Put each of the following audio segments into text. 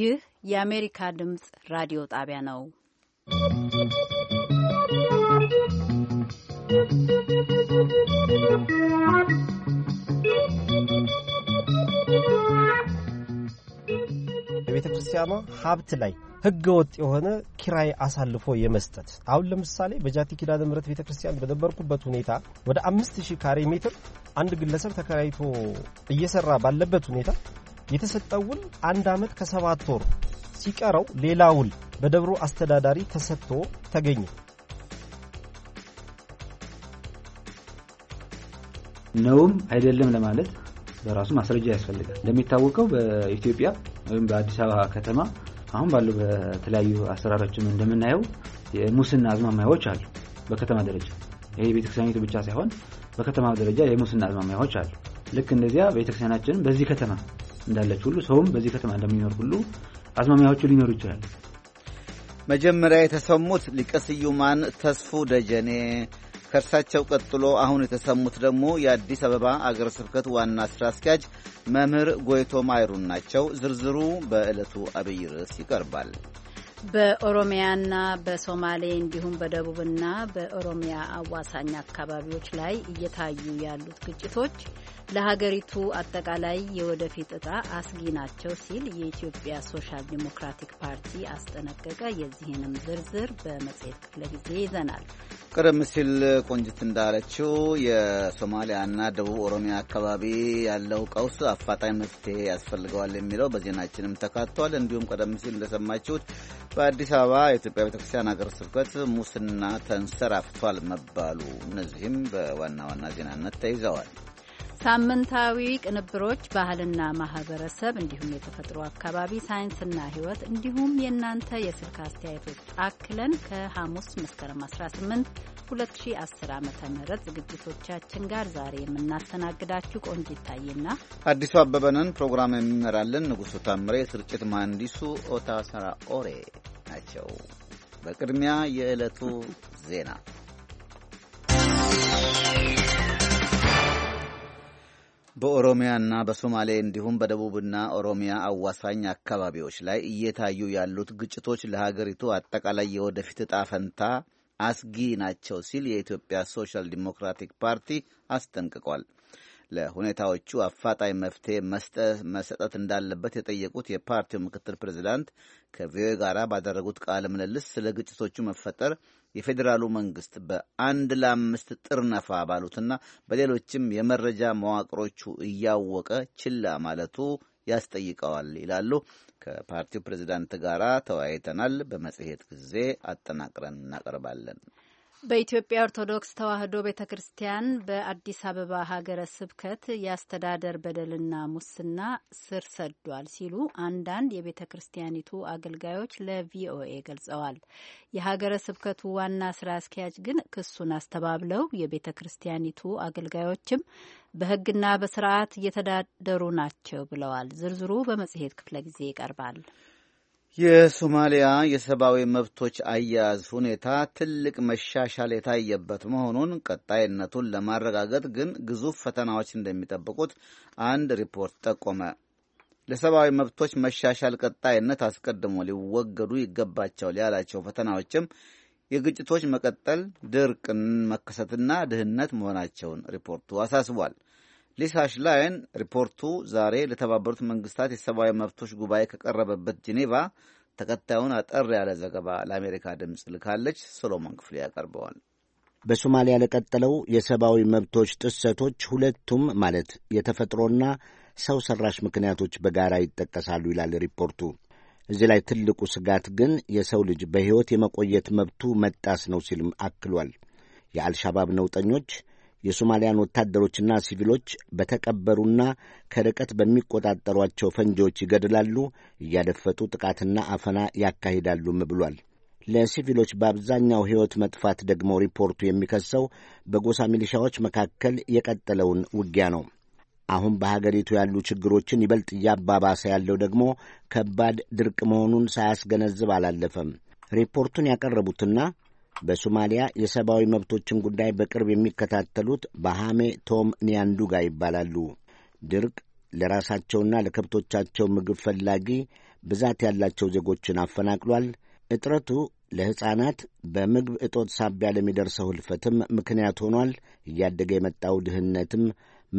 ይህ የአሜሪካ ድምፅ ራዲዮ ጣቢያ ነው። የቤተ ክርስቲያኗ ሀብት ላይ ህገ ወጥ የሆነ ኪራይ አሳልፎ የመስጠት አሁን ለምሳሌ በጃቲ ኪዳነ ምሕረት ቤተ ክርስቲያን በነበርኩበት ሁኔታ ወደ አምስት ሺህ ካሬ ሜትር አንድ ግለሰብ ተከራይቶ እየሰራ ባለበት ሁኔታ የተሰጠውን አንድ ዓመት ከሰባት ወር ሲቀረው ሌላ ውል በደብሮ አስተዳዳሪ ተሰጥቶ ተገኘ። ነውም አይደለም ለማለት በራሱ ማስረጃ ያስፈልጋል። እንደሚታወቀው በኢትዮጵያ ወይም በአዲስ አበባ ከተማ አሁን ባሉ በተለያዩ አሰራሮችም እንደምናየው የሙስና አዝማማያዎች አሉ። በከተማ ደረጃ ይሄ ቤተክርስቲያኒቱ ብቻ ሳይሆን በከተማ ደረጃ የሙስና አዝማማያዎች አሉ። ልክ እንደዚያ ቤተክርስቲያናችን በዚህ ከተማ እንዳለች ሁሉ ሰውም በዚህ ከተማ እንደሚኖር ሁሉ አዝማሚያዎቹ ሊኖሩ ይችላል። መጀመሪያ የተሰሙት ሊቀ ስዩማን ተስፉ ደጀኔ፣ ከእርሳቸው ቀጥሎ አሁን የተሰሙት ደግሞ የአዲስ አበባ አገረ ስብከት ዋና ስራ አስኪያጅ መምህር ጎይቶ ማይሩን ናቸው። ዝርዝሩ በዕለቱ አብይ ርዕስ ይቀርባል። በኦሮሚያና በሶማሌ እንዲሁም በደቡብና በኦሮሚያ አዋሳኝ አካባቢዎች ላይ እየታዩ ያሉት ግጭቶች ለሀገሪቱ አጠቃላይ የወደፊት እጣ አስጊ ናቸው ሲል የኢትዮጵያ ሶሻል ዲሞክራቲክ ፓርቲ አስጠነቀቀ። የዚህንም ዝርዝር በመጽሔት ክፍለ ጊዜ ይዘናል። ቀደም ሲል ቆንጅት እንዳለችው የሶማሊያና ደቡብ ኦሮሚያ አካባቢ ያለው ቀውስ አፋጣኝ መፍትሄ ያስፈልገዋል የሚለው በዜናችንም ተካቷል። እንዲሁም ቀደም ሲል እንደሰማችሁት በአዲስ አበባ የኢትዮጵያ ቤተክርስቲያን አገር ስብከት ሙስና ተንሰራፍቷል መባሉ፣ እነዚህም በዋና ዋና ዜናነት ተይዘዋል። ሳምንታዊ ቅንብሮች ባህልና ማህበረሰብ፣ እንዲሁም የተፈጥሮ አካባቢ፣ ሳይንስና ሕይወት እንዲሁም የእናንተ የስልክ አስተያየቶች አክለን ከሐሙስ መስከረም 18 2010 ዓ ም ዝግጅቶቻችን ጋር ዛሬ የምናስተናግዳችሁ ቆንጅ ይታይና አዲሱ አበበንን ፕሮግራም የሚመራልን ንጉሱ ታምሬ፣ ስርጭት መሐንዲሱ ኦታ ሰራ ኦሬ ናቸው። በቅድሚያ የዕለቱ ዜና በኦሮሚያና በሶማሌ እንዲሁም በደቡብና ኦሮሚያ አዋሳኝ አካባቢዎች ላይ እየታዩ ያሉት ግጭቶች ለሀገሪቱ አጠቃላይ የወደፊት እጣ ፈንታ አስጊ ናቸው ሲል የኢትዮጵያ ሶሻል ዲሞክራቲክ ፓርቲ አስጠንቅቋል። ለሁኔታዎቹ አፋጣኝ መፍትሄ መሰጠት እንዳለበት የጠየቁት የፓርቲው ምክትል ፕሬዚዳንት ከቪኦኤ ጋር ባደረጉት ቃለ ምልልስ ስለ ግጭቶቹ መፈጠር የፌዴራሉ መንግስት በአንድ ለአምስት ጥርነፋ ባሉትና በሌሎችም የመረጃ መዋቅሮቹ እያወቀ ችላ ማለቱ ያስጠይቀዋል ይላሉ። ከፓርቲው ፕሬዚዳንት ጋር ተወያይተናል። በመጽሔት ጊዜ አጠናቅረን እናቀርባለን። በኢትዮጵያ ኦርቶዶክስ ተዋሕዶ ቤተ ክርስቲያን በአዲስ አበባ ሀገረ ስብከት የአስተዳደር በደልና ሙስና ስር ሰዷል ሲሉ አንዳንድ የቤተ ክርስቲያኒቱ አገልጋዮች ለቪኦኤ ገልጸዋል። የሀገረ ስብከቱ ዋና ስራ አስኪያጅ ግን ክሱን አስተባብለው የቤተ ክርስቲያኒቱ አገልጋዮችም በሕግና በስርዓት እየተዳደሩ ናቸው ብለዋል። ዝርዝሩ በመጽሔት ክፍለ ጊዜ ይቀርባል። የሶማሊያ የሰብአዊ መብቶች አያያዝ ሁኔታ ትልቅ መሻሻል የታየበት መሆኑን ቀጣይነቱን ለማረጋገጥ ግን ግዙፍ ፈተናዎች እንደሚጠብቁት አንድ ሪፖርት ጠቆመ። ለሰብአዊ መብቶች መሻሻል ቀጣይነት አስቀድሞ ሊወገዱ ይገባቸዋል ያላቸው ፈተናዎችም የግጭቶች መቀጠል፣ ድርቅን መከሰትና ድህነት መሆናቸውን ሪፖርቱ አሳስቧል። ሊሳሽ ላይን ሪፖርቱ ዛሬ ለተባበሩት መንግስታት የሰብአዊ መብቶች ጉባኤ ከቀረበበት ጄኔቫ ተከታዩን አጠር ያለ ዘገባ ለአሜሪካ ድምፅ ልካለች። ሶሎሞን ክፍሌ ያቀርበዋል። በሶማሊያ ለቀጠለው የሰብአዊ መብቶች ጥሰቶች ሁለቱም ማለት የተፈጥሮና ሰው ሰራሽ ምክንያቶች በጋራ ይጠቀሳሉ ይላል ሪፖርቱ። እዚህ ላይ ትልቁ ስጋት ግን የሰው ልጅ በሕይወት የመቆየት መብቱ መጣስ ነው ሲልም አክሏል። የአልሻባብ ነውጠኞች የሶማሊያን ወታደሮችና ሲቪሎች በተቀበሩና ከርቀት በሚቆጣጠሯቸው ፈንጂዎች ይገድላሉ፣ እያደፈጡ ጥቃትና አፈና ያካሂዳሉም ብሏል። ለሲቪሎች በአብዛኛው ሕይወት መጥፋት ደግሞ ሪፖርቱ የሚከሰው በጎሳ ሚሊሻዎች መካከል የቀጠለውን ውጊያ ነው። አሁን በሀገሪቱ ያሉ ችግሮችን ይበልጥ እያባባሰ ያለው ደግሞ ከባድ ድርቅ መሆኑን ሳያስገነዝብ አላለፈም። ሪፖርቱን ያቀረቡትና በሶማሊያ የሰብአዊ መብቶችን ጉዳይ በቅርብ የሚከታተሉት ባሃሜ ቶም ኒያንዱጋ ይባላሉ። ድርቅ ለራሳቸውና ለከብቶቻቸው ምግብ ፈላጊ ብዛት ያላቸው ዜጎችን አፈናቅሏል። እጥረቱ ለሕፃናት በምግብ እጦት ሳቢያ ለሚደርሰው ሕልፈትም ምክንያት ሆኗል። እያደገ የመጣው ድህነትም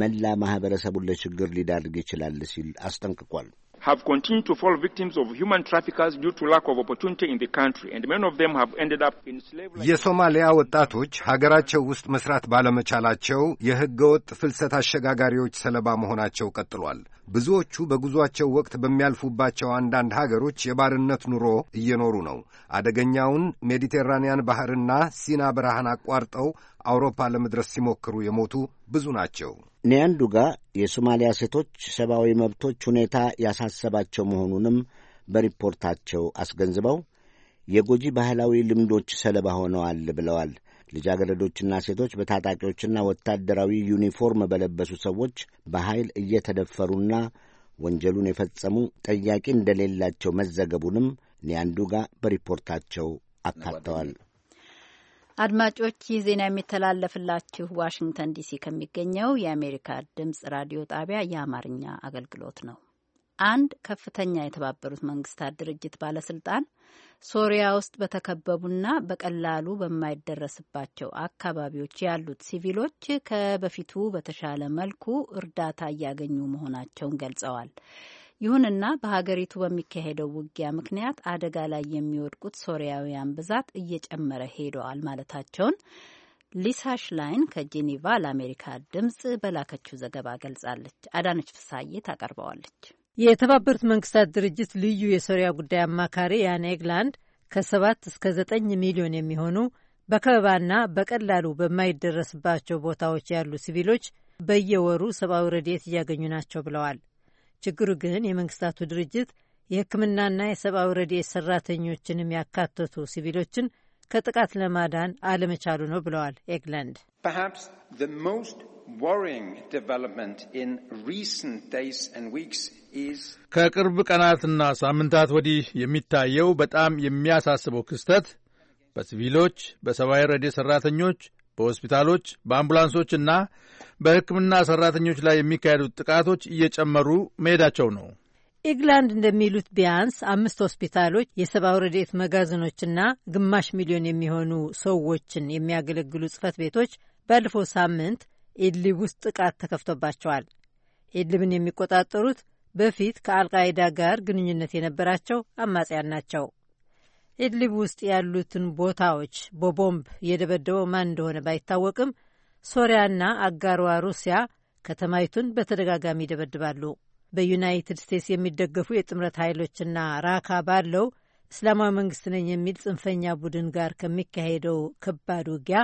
መላ ማኅበረሰቡን ለችግር ሊዳርግ ይችላል ሲል አስጠንቅቋል። have continued to fall victims of human traffickers due to lack of opportunity in the country and many of them have ended up in slave የሶማሊያ ወጣቶች ሀገራቸው ውስጥ መስራት ባለመቻላቸው የህገወጥ ፍልሰት አሸጋጋሪዎች ሰለባ መሆናቸው ቀጥሏል። ብዙዎቹ በጉዟቸው ወቅት በሚያልፉባቸው አንዳንድ ሀገሮች የባርነት ኑሮ እየኖሩ ነው። አደገኛውን ሜዲቴራንያን ባህርና ሲና በረሃን አቋርጠው አውሮፓ ለመድረስ ሲሞክሩ የሞቱ ብዙ ናቸው። ኒያንዱጋ የሶማሊያ ሴቶች ሰብአዊ መብቶች ሁኔታ ያሳሰባቸው መሆኑንም በሪፖርታቸው አስገንዝበው የጎጂ ባህላዊ ልምዶች ሰለባ ሆነዋል ብለዋል። ልጃገረዶችና ሴቶች በታጣቂዎችና ወታደራዊ ዩኒፎርም በለበሱ ሰዎች በኃይል እየተደፈሩና ወንጀሉን የፈጸሙ ጠያቂ እንደሌላቸው መዘገቡንም ኒያንዱጋ በሪፖርታቸው አካተዋል። አድማጮች ይህ ዜና የሚተላለፍላችሁ ዋሽንግተን ዲሲ ከሚገኘው የአሜሪካ ድምጽ ራዲዮ ጣቢያ የአማርኛ አገልግሎት ነው። አንድ ከፍተኛ የተባበሩት መንግስታት ድርጅት ባለስልጣን ሶሪያ ውስጥ በተከበቡና በቀላሉ በማይደረስባቸው አካባቢዎች ያሉት ሲቪሎች ከበፊቱ በተሻለ መልኩ እርዳታ እያገኙ መሆናቸውን ገልጸዋል። ይሁንና በሀገሪቱ በሚካሄደው ውጊያ ምክንያት አደጋ ላይ የሚወድቁት ሶሪያውያን ብዛት እየጨመረ ሄደዋል ማለታቸውን ሊሳ ሽላይን ከጄኔቫ ለአሜሪካ ድምፅ በላከችው ዘገባ ገልጻለች። አዳነች ፍሳዬ ታቀርበዋለች። የተባበሩት መንግስታት ድርጅት ልዩ የሶሪያ ጉዳይ አማካሪ ያን ኤግላንድ ከሰባት እስከ ዘጠኝ ሚሊዮን የሚሆኑ በከበባና በቀላሉ በማይደረስባቸው ቦታዎች ያሉ ሲቪሎች በየወሩ ሰብአዊ ረድኤት እያገኙ ናቸው ብለዋል። ችግሩ ግን የመንግስታቱ ድርጅት የሕክምናና የሰብአዊ ረድኤት ሰራተኞችን የሚያካተቱ ሲቪሎችን ከጥቃት ለማዳን አለመቻሉ ነው ብለዋል ኤግላንድ። ከቅርብ ቀናትና ሳምንታት ወዲህ የሚታየው በጣም የሚያሳስበው ክስተት በሲቪሎች፣ በሰብአዊ ረድኤት ሠራተኞች፣ በሆስፒታሎች በአምቡላንሶችና በሕክምና ሠራተኞች ላይ የሚካሄዱት ጥቃቶች እየጨመሩ መሄዳቸው ነው። ኢግላንድ እንደሚሉት ቢያንስ አምስት ሆስፒታሎች የሰብአዊ ረድኤት መጋዘኖችና ግማሽ ሚሊዮን የሚሆኑ ሰዎችን የሚያገለግሉ ጽህፈት ቤቶች ባለፈው ሳምንት ኢድሊብ ውስጥ ጥቃት ተከፍቶባቸዋል። ኢድሊብን የሚቆጣጠሩት በፊት ከአልቃይዳ ጋር ግንኙነት የነበራቸው አማጽያን ናቸው። ኢድሊብ ውስጥ ያሉትን ቦታዎች በቦምብ የደበደበው ማን እንደሆነ ባይታወቅም ሶሪያና አጋሯ ሩሲያ ከተማይቱን በተደጋጋሚ ይደበድባሉ። በዩናይትድ ስቴትስ የሚደገፉ የጥምረት ኃይሎችና ራካ ባለው እስላማዊ መንግስት ነኝ የሚል ጽንፈኛ ቡድን ጋር ከሚካሄደው ከባድ ውጊያ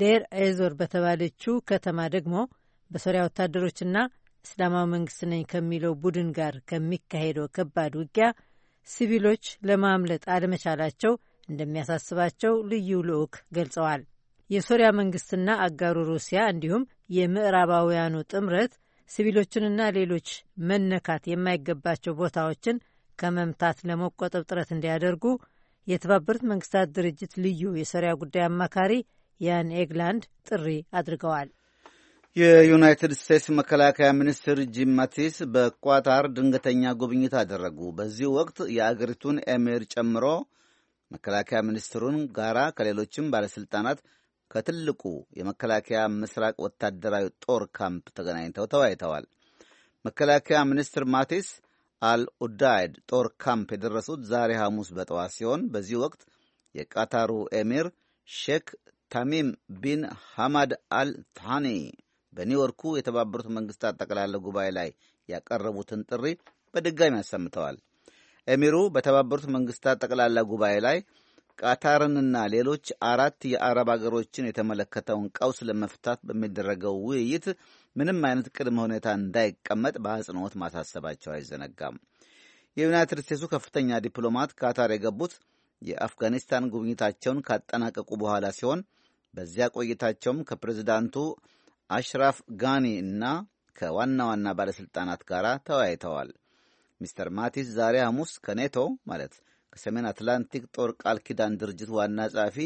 ዴር ኤዞር በተባለችው ከተማ ደግሞ በሶሪያ ወታደሮችና እስላማዊ መንግስት ነኝ ከሚለው ቡድን ጋር ከሚካሄደው ከባድ ውጊያ ሲቪሎች ለማምለጥ አለመቻላቸው እንደሚያሳስባቸው ልዩ ልዑክ ገልጸዋል። የሶሪያ መንግስትና አጋሩ ሩሲያ እንዲሁም የምዕራባውያኑ ጥምረት ሲቪሎችንና ሌሎች መነካት የማይገባቸው ቦታዎችን ከመምታት ለመቆጠብ ጥረት እንዲያደርጉ የተባበሩት መንግስታት ድርጅት ልዩ የሶሪያ ጉዳይ አማካሪ ያን ኤግላንድ ጥሪ አድርገዋል። የዩናይትድ ስቴትስ መከላከያ ሚኒስትር ጂም ማቲስ በቋታር ድንገተኛ ጉብኝት አደረጉ። በዚህ ወቅት የአገሪቱን ኤሚር ጨምሮ መከላከያ ሚኒስትሩን ጋራ ከሌሎችም ባለሥልጣናት ከትልቁ የመከላከያ ምስራቅ ወታደራዊ ጦር ካምፕ ተገናኝተው ተወያይተዋል። መከላከያ ሚኒስትር ማቲስ አልኡዳይድ ጦር ካምፕ የደረሱት ዛሬ ሐሙስ በጠዋት ሲሆን በዚህ ወቅት የቃታሩ ኤሚር ሼክ ታሚም ቢን ሐማድ አል ታኒ በኒውዮርኩ የተባበሩት መንግስታት ጠቅላላ ጉባኤ ላይ ያቀረቡትን ጥሪ በድጋሚ አሰምተዋል። ኤሚሩ በተባበሩት መንግስታት ጠቅላላ ጉባኤ ላይ ቃታርንና ሌሎች አራት የአረብ አገሮችን የተመለከተውን ቀውስ ለመፍታት በሚደረገው ውይይት ምንም አይነት ቅድመ ሁኔታ እንዳይቀመጥ በአጽንኦት ማሳሰባቸው አይዘነጋም። የዩናይትድ ስቴትሱ ከፍተኛ ዲፕሎማት ካታር የገቡት የአፍጋኒስታን ጉብኝታቸውን ካጠናቀቁ በኋላ ሲሆን በዚያ ቆይታቸውም ከፕሬዚዳንቱ አሽራፍ ጋኒ እና ከዋና ዋና ባለሥልጣናት ጋር ተወያይተዋል። ሚስተር ማቲስ ዛሬ ሐሙስ ከኔቶ ማለት ከሰሜን አትላንቲክ ጦር ቃል ኪዳን ድርጅት ዋና ጸሐፊ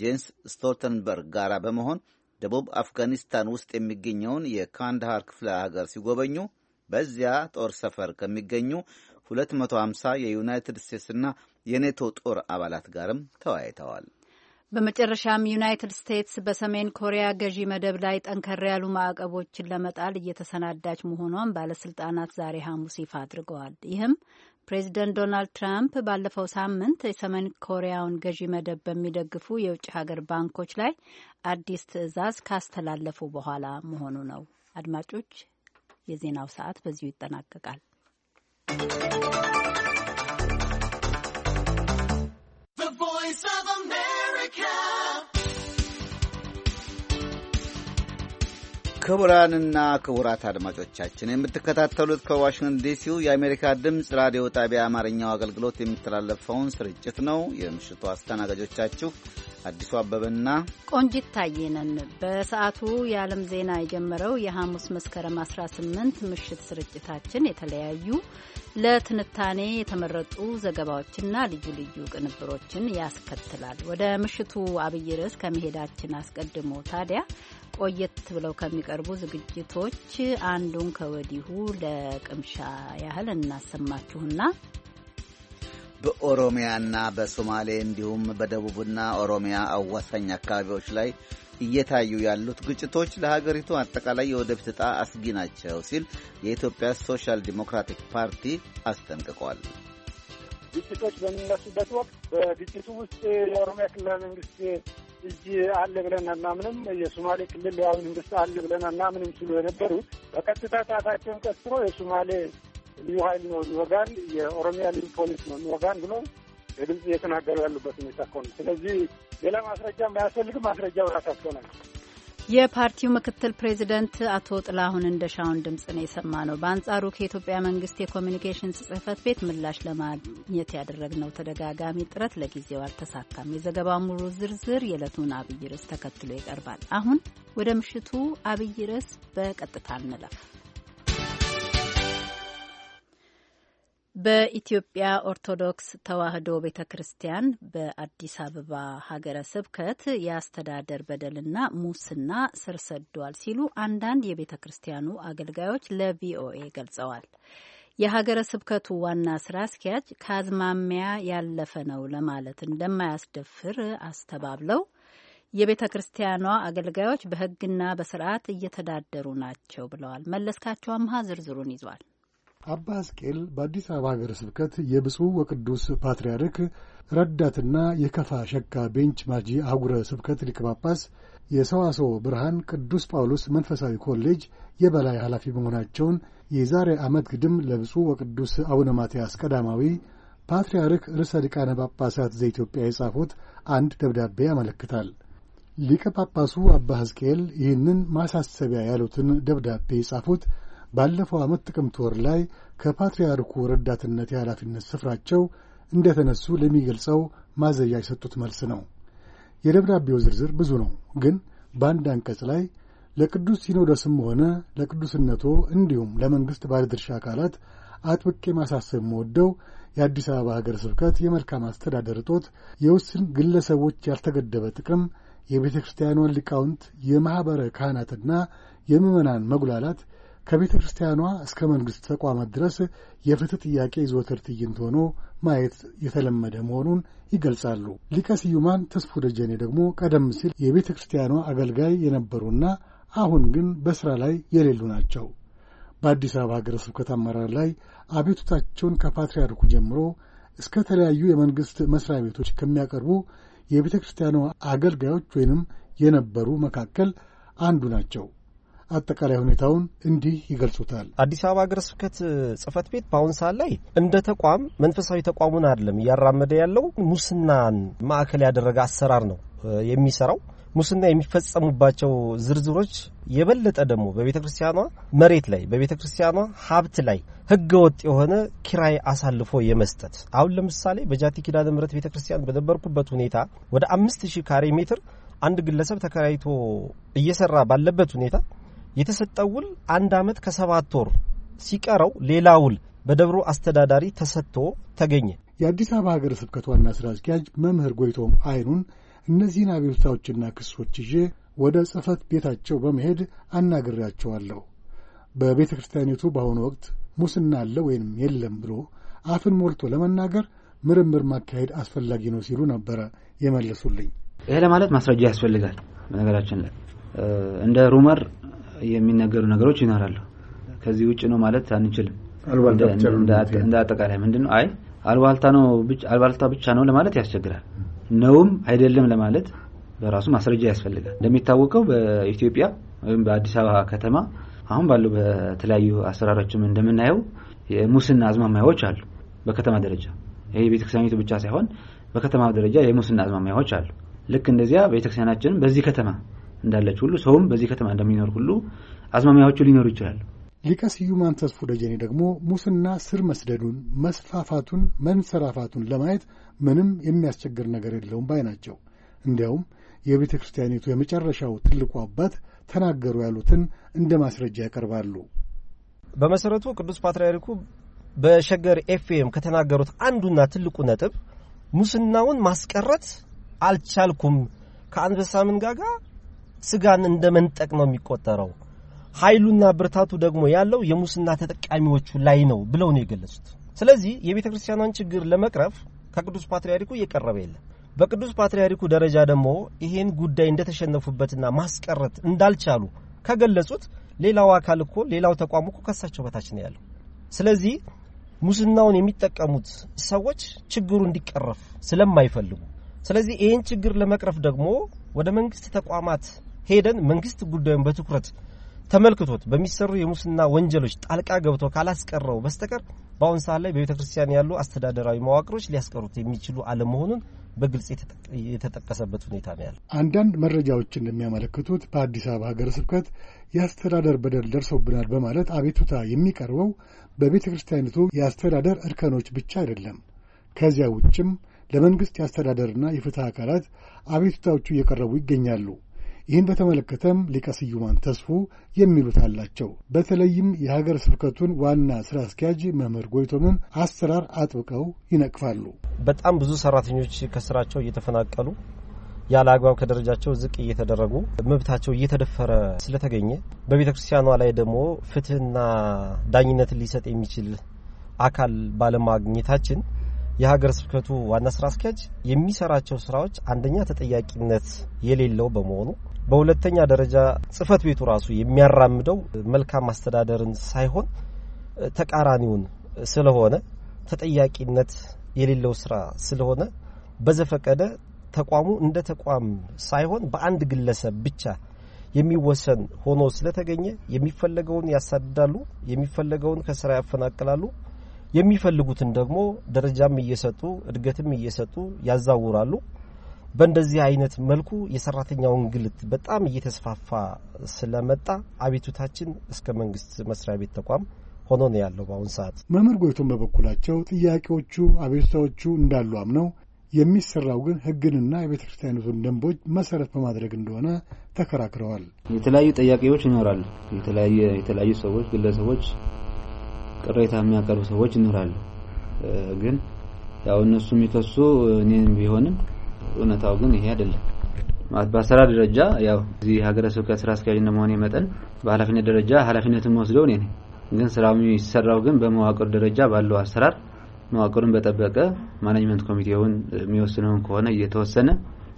ጄንስ ስቶልተንበርግ ጋር በመሆን ደቡብ አፍጋኒስታን ውስጥ የሚገኘውን የካንዳሃር ክፍለ ሀገር ሲጎበኙ በዚያ ጦር ሰፈር ከሚገኙ 250 የዩናይትድ ስቴትስና የኔቶ ጦር አባላት ጋርም ተወያይተዋል። በመጨረሻም ዩናይትድ ስቴትስ በሰሜን ኮሪያ ገዢ መደብ ላይ ጠንከር ያሉ ማዕቀቦችን ለመጣል እየተሰናዳች መሆኗን ባለስልጣናት ዛሬ ሐሙስ ይፋ አድርገዋል። ይህም ፕሬዚደንት ዶናልድ ትራምፕ ባለፈው ሳምንት የሰሜን ኮሪያውን ገዢ መደብ በሚደግፉ የውጭ ሀገር ባንኮች ላይ አዲስ ትዕዛዝ ካስተላለፉ በኋላ መሆኑ ነው። አድማጮች፣ የዜናው ሰዓት በዚሁ ይጠናቀቃል። ክቡራንና ክቡራት አድማጮቻችን የምትከታተሉት ከዋሽንግተን ዲሲው የአሜሪካ ድምፅ ራዲዮ ጣቢያ አማርኛው አገልግሎት የሚተላለፈውን ስርጭት ነው። የምሽቱ አስተናጋጆቻችሁ አዲሱ አበበና ቆንጂት ታየነን። በሰዓቱ የዓለም ዜና የጀመረው የሐሙስ መስከረም 18 ምሽት ስርጭታችን የተለያዩ ለትንታኔ የተመረጡ ዘገባዎችና ልዩ ልዩ ቅንብሮችን ያስከትላል። ወደ ምሽቱ አብይ ርዕስ ከመሄዳችን አስቀድሞ ታዲያ ቆየት ብለው ከሚቀርቡ ዝግጅቶች አንዱን ከወዲሁ ለቅምሻ ያህል እናሰማችሁና በኦሮሚያና በሶማሌ እንዲሁም በደቡብና ኦሮሚያ አዋሳኝ አካባቢዎች ላይ እየታዩ ያሉት ግጭቶች ለሀገሪቱ አጠቃላይ የወደፊት ዕጣ አስጊ ናቸው ሲል የኢትዮጵያ ሶሻል ዲሞክራቲክ ፓርቲ አስጠንቅቋል። ግጭቶች በሚነሱበት ወቅት በግጭቱ ውስጥ የኦሮሚያ ክልላዊ መንግስት እጅ አለ ብለን አናምንም፣ የሶማሌ ክልል ሉዓላዊ መንግስት አለ ብለን አናምንም ሲሉ የነበሩት በቀጥታ ጣታቸውን ቀጥሮ የሶማሌ ልዩ ኃይል ነው የሚወጋን፣ የኦሮሚያ ልዩ ፖሊስ ነው የሚወጋን ብሎ በግልጽ እየተናገሩ ያሉበት ሁኔታ ከሆነ ስለዚህ ሌላ ማስረጃ የማያስፈልግም። ማስረጃው ራሳቸው ናቸው። የፓርቲው ምክትል ፕሬዚደንት አቶ ጥላሁን እንደሻውን ድምጽ ነው የሰማ ነው። በአንጻሩ ከኢትዮጵያ መንግስት የኮሚኒኬሽንስ ጽህፈት ቤት ምላሽ ለማግኘት ያደረግነው ተደጋጋሚ ጥረት ለጊዜው አልተሳካም። የዘገባው ሙሉ ዝርዝር የዕለቱን አብይ ርዕስ ተከትሎ ይቀርባል። አሁን ወደ ምሽቱ አብይ ርዕስ በቀጥታ እንለፍ። በኢትዮጵያ ኦርቶዶክስ ተዋሕዶ ቤተ ክርስቲያን በአዲስ አበባ ሀገረ ስብከት የአስተዳደር በደልና ሙስና ስር ሰዷል ሲሉ አንዳንድ የቤተ ክርስቲያኑ አገልጋዮች ለቪኦኤ ገልጸዋል። የሀገረ ስብከቱ ዋና ስራ አስኪያጅ ከአዝማሚያ ያለፈ ነው ለማለት እንደማያስደፍር አስተባብለው የቤተ ክርስቲያኗ አገልጋዮች በሕግና በስርዓት እየተዳደሩ ናቸው ብለዋል። መለስካቸው አምሃ ዝርዝሩን ይዟል። አባ ሕዝቅኤል በአዲስ አበባ ሀገረ ስብከት የብፁዕ ወቅዱስ ፓትርያርክ ረዳትና የከፋ ሸካ ቤንች ማጂ አህጉረ ስብከት ሊቀ ጳጳስ የሰዋስወ ብርሃን ቅዱስ ጳውሎስ መንፈሳዊ ኮሌጅ የበላይ ኃላፊ መሆናቸውን የዛሬ ዓመት ግድም ለብፁዕ ወቅዱስ አቡነ ማትያስ ቀዳማዊ ፓትርያርክ ርዕሰ ሊቃነ ጳጳሳት ዘኢትዮጵያ የጻፉት አንድ ደብዳቤ ያመለክታል። ሊቀ ጳጳሱ አባ ሕዝቅኤል ይህንን ማሳሰቢያ ያሉትን ደብዳቤ የጻፉት ባለፈው ዓመት ጥቅምት ወር ላይ ከፓትርያርኩ ረዳትነት የኃላፊነት ስፍራቸው እንደተነሱ ለሚገልጸው ማዘዣ የሰጡት መልስ ነው። የደብዳቤው ዝርዝር ብዙ ነው፣ ግን በአንድ አንቀጽ ላይ ለቅዱስ ሲኖዶስም ሆነ ለቅዱስነቶ እንዲሁም ለመንግሥት ባለድርሻ አካላት አጥብቄ ማሳሰብ መወደው የአዲስ አበባ ሀገረ ስብከት የመልካም አስተዳደር እጦት፣ የውስን ግለሰቦች ያልተገደበ ጥቅም፣ የቤተ ክርስቲያኗን ሊቃውንት፣ የማኅበረ ካህናትና የምዕመናን መጉላላት ከቤተ ክርስቲያኗ እስከ መንግሥት ተቋማት ድረስ የፍትህ ጥያቄ ይዞትር ትዕይንት ሆኖ ማየት የተለመደ መሆኑን ይገልጻሉ። ሊቀ ስዩማን ተስፉ ደጀኔ ደግሞ ቀደም ሲል የቤተ ክርስቲያኗ አገልጋይ የነበሩና አሁን ግን በሥራ ላይ የሌሉ ናቸው። በአዲስ አበባ ሀገረ ስብከት አመራር ላይ አቤቱታቸውን ከፓትርያርኩ ጀምሮ እስከ ተለያዩ የመንግሥት መሥሪያ ቤቶች ከሚያቀርቡ የቤተ ክርስቲያኗ አገልጋዮች ወይንም የነበሩ መካከል አንዱ ናቸው። አጠቃላይ ሁኔታውን እንዲህ ይገልጹታል። አዲስ አበባ ሀገረ ስብከት ጽህፈት ቤት በአሁን ሰዓት ላይ እንደ ተቋም መንፈሳዊ ተቋሙን አይደለም እያራመደ ያለው ሙስናን ማዕከል ያደረገ አሰራር ነው የሚሰራው። ሙስና የሚፈጸሙባቸው ዝርዝሮች የበለጠ ደግሞ በቤተ ክርስቲያኗ መሬት ላይ በቤተ ክርስቲያኗ ሀብት ላይ ህገ ወጥ የሆነ ኪራይ አሳልፎ የመስጠት አሁን ለምሳሌ በጃቲ ኪዳነ ምሕረት ቤተ ክርስቲያን በነበርኩበት ሁኔታ ወደ አምስት ሺህ ካሬ ሜትር አንድ ግለሰብ ተከራይቶ እየሰራ ባለበት ሁኔታ የተሰጠው ውል አንድ ዓመት ከሰባት ወር ሲቀረው ሌላ ውል በደብሮ አስተዳዳሪ ተሰጥቶ ተገኘ። የአዲስ አበባ ሀገረ ስብከት ዋና ስራ አስኪያጅ መምህር ጎይቶም አይኑን እነዚህን አቤቱታዎችና ክሶች ይዤ ወደ ጽፈት ቤታቸው በመሄድ አናግሬያቸዋለሁ። በቤተ ክርስቲያኒቱ በአሁኑ ወቅት ሙስና አለ ወይም የለም ብሎ አፍን ሞልቶ ለመናገር ምርምር ማካሄድ አስፈላጊ ነው ሲሉ ነበረ የመለሱልኝ። ይሄ ለማለት ማስረጃ ያስፈልጋል። በነገራችን ላይ እንደ ሩመር የሚነገሩ ነገሮች ይኖራሉ። ከዚህ ውጭ ነው ማለት አንችልም። እንደ አጠቃላይ ምንድን ነው አይ አልባልታ ነው አልባልታ ብቻ ነው ለማለት ያስቸግራል። ነውም አይደለም ለማለት በራሱ ማስረጃ ያስፈልጋል። እንደሚታወቀው በኢትዮጵያ ወይም በአዲስ አበባ ከተማ አሁን ባለው በተለያዩ አሰራሮችም እንደምናየው የሙስና አዝማማያዎች አሉ። በከተማ ደረጃ ይሄ ቤተክርስቲያኒቱ ብቻ ሳይሆን በከተማ ደረጃ የሙስና አዝማማያዎች አሉ። ልክ እንደዚያ ቤተክርስቲያናችንም በዚህ ከተማ እንዳለች ሁሉ ሰውም በዚህ ከተማ እንደሚኖር ሁሉ አዝማሚያዎቹ ሊኖሩ ይችላሉ። ሊቀ ስዩማን ተስፉ ደጀኔ ደግሞ ሙስና ስር መስደዱን፣ መስፋፋቱን፣ መንሰራፋቱን ለማየት ምንም የሚያስቸግር ነገር የለውም ባይ ናቸው። እንዲያውም የቤተ ክርስቲያኒቱ የመጨረሻው ትልቁ አባት ተናገሩ ያሉትን እንደ ማስረጃ ያቀርባሉ። በመሰረቱ ቅዱስ ፓትርያርኩ በሸገር ኤፍኤም ከተናገሩት አንዱና ትልቁ ነጥብ ሙስናውን ማስቀረት አልቻልኩም፣ ከአንበሳ መንጋጋ ስጋን እንደ መንጠቅ ነው የሚቆጠረው። ኃይሉና ብርታቱ ደግሞ ያለው የሙስና ተጠቃሚዎቹ ላይ ነው ብለው ነው የገለጹት። ስለዚህ የቤተ ክርስቲያኗን ችግር ለመቅረፍ ከቅዱስ ፓትርያርኩ እየቀረበ የለም። በቅዱስ ፓትርያርኩ ደረጃ ደግሞ ይሄን ጉዳይ እንደተሸነፉበትና ማስቀረት እንዳልቻሉ ከገለጹት ሌላው አካል እኮ ሌላው ተቋም እኮ ከሳቸው በታች ነው ያለው። ስለዚህ ሙስናውን የሚጠቀሙት ሰዎች ችግሩ እንዲቀረፍ ስለማይፈልጉ ስለዚህ ይህን ችግር ለመቅረፍ ደግሞ ወደ መንግስት ተቋማት ሄደን መንግስት ጉዳዩን በትኩረት ተመልክቶት በሚሰሩ የሙስና ወንጀሎች ጣልቃ ገብቶ ካላስቀረው በስተቀር በአሁን ሰዓት ላይ በቤተ ክርስቲያን ያሉ አስተዳደራዊ መዋቅሮች ሊያስቀሩት የሚችሉ አለመሆኑን በግልጽ የተጠቀሰበት ሁኔታ ነው ያለ። አንዳንድ መረጃዎች እንደሚያመለክቱት በአዲስ አበባ ሀገረ ስብከት የአስተዳደር በደል ደርሶብናል በማለት አቤቱታ የሚቀርበው በቤተ ክርስቲያኒቱ የአስተዳደር እርከኖች ብቻ አይደለም። ከዚያ ውጭም ለመንግሥት የአስተዳደርና የፍትህ አካላት አቤቱታዎቹ እየቀረቡ ይገኛሉ። ይህን በተመለከተም ሊቀ ስዩማን ተስፉ የሚሉት አላቸው። በተለይም የሀገር ስብከቱን ዋና ስራ አስኪያጅ መምህር ጎይቶምን አሰራር አጥብቀው ይነቅፋሉ። በጣም ብዙ ሰራተኞች ከስራቸው እየተፈናቀሉ ያለ አግባብ ከደረጃቸው ዝቅ እየተደረጉ መብታቸው እየተደፈረ ስለተገኘ በቤተ ክርስቲያኗ ላይ ደግሞ ፍትህና ዳኝነትን ሊሰጥ የሚችል አካል ባለማግኘታችን የሀገር ስብከቱ ዋና ስራ አስኪያጅ የሚሰራቸው ስራዎች አንደኛ ተጠያቂነት የሌለው በመሆኑ በሁለተኛ ደረጃ ጽህፈት ቤቱ ራሱ የሚያራምደው መልካም አስተዳደርን ሳይሆን ተቃራኒውን ስለሆነ ተጠያቂነት የሌለው ስራ ስለሆነ በዘፈቀደ ተቋሙ እንደ ተቋም ሳይሆን በአንድ ግለሰብ ብቻ የሚወሰን ሆኖ ስለተገኘ የሚፈለገውን ያሳድዳሉ፣ የሚፈለገውን ከስራ ያፈናቅላሉ፣ የሚፈልጉትን ደግሞ ደረጃም እየሰጡ እድገትም እየሰጡ ያዛውራሉ። በእንደዚህ አይነት መልኩ የሰራተኛው እንግልት በጣም እየተስፋፋ ስለመጣ አቤቱታችን እስከ መንግስት መስሪያ ቤት ተቋም ሆኖ ነው ያለው። በአሁን ሰዓት መምህር ጎይቶም በበኩላቸው ጥያቄዎቹ፣ አቤቱታዎቹ እንዳሉ አምነው የሚሰራው ግን ህግንና የቤተ ክርስቲያኒቱን ደንቦች መሰረት በማድረግ እንደሆነ ተከራክረዋል። የተለያዩ ጥያቄዎች ይኖራሉ። የተለያዩ ሰዎች፣ ግለሰቦች ቅሬታ የሚያቀርቡ ሰዎች ይኖራሉ። ግን ያው እነሱ የሚከሱ እኔም ቢሆንም እውነታው ግን ይሄ አይደለም። ማለት በአሰራር ደረጃ ያው እዚህ ሀገረ ስብከት ስራ አስኪያጅ እንደመሆኔ መጠን በኃላፊነት ደረጃ ኃላፊነትን መወስደው እኔ ነኝ። ግን ስራው የሚሰራው ግን በመዋቅር ደረጃ ባለው አሰራር መዋቅሩን በጠበቀ ማኔጅመንት ኮሚቴውን የሚወስነውን ከሆነ እየተወሰነ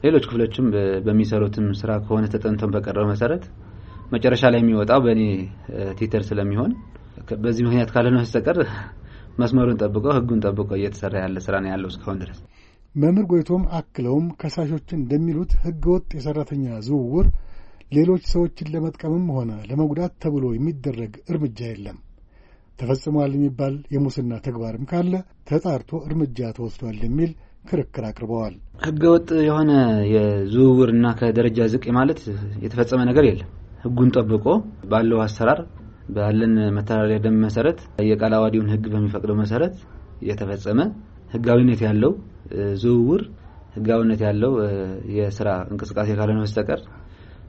ሌሎች ክፍሎችም በሚሰሩትም ስራ ከሆነ ተጠንተን በቀረው መሰረት መጨረሻ ላይ የሚወጣው በእኔ ቲተር ስለሚሆን በዚህ ምክንያት ካልሆነ በስተቀር መስመሩን ጠብቀው ህጉን ጠብቀው እየተሰራ ያለ ስራ ነው ያለው እስካሁን ድረስ። መምህር ጎይቶም አክለውም ከሳሾች እንደሚሉት ህገወጥ የሰራተኛ ዝውውር ሌሎች ሰዎችን ለመጥቀምም ሆነ ለመጉዳት ተብሎ የሚደረግ እርምጃ የለም። ተፈጽሟል የሚባል የሙስና ተግባርም ካለ ተጣርቶ እርምጃ ተወስዷል የሚል ክርክር አቅርበዋል። ህገወጥ የሆነ የዝውውርና ከደረጃ ዝቅ ማለት የተፈጸመ ነገር የለም። ህጉን ጠብቆ ባለው አሰራር ባለን መተዳደሪያ ደንብ መሰረት የቃለ ህግ ሕግ በሚፈቅደው መሰረት የተፈጸመ ህጋዊነት ያለው ዝውውር ህጋዊነት ያለው የስራ እንቅስቃሴ ካልሆነ በስተቀር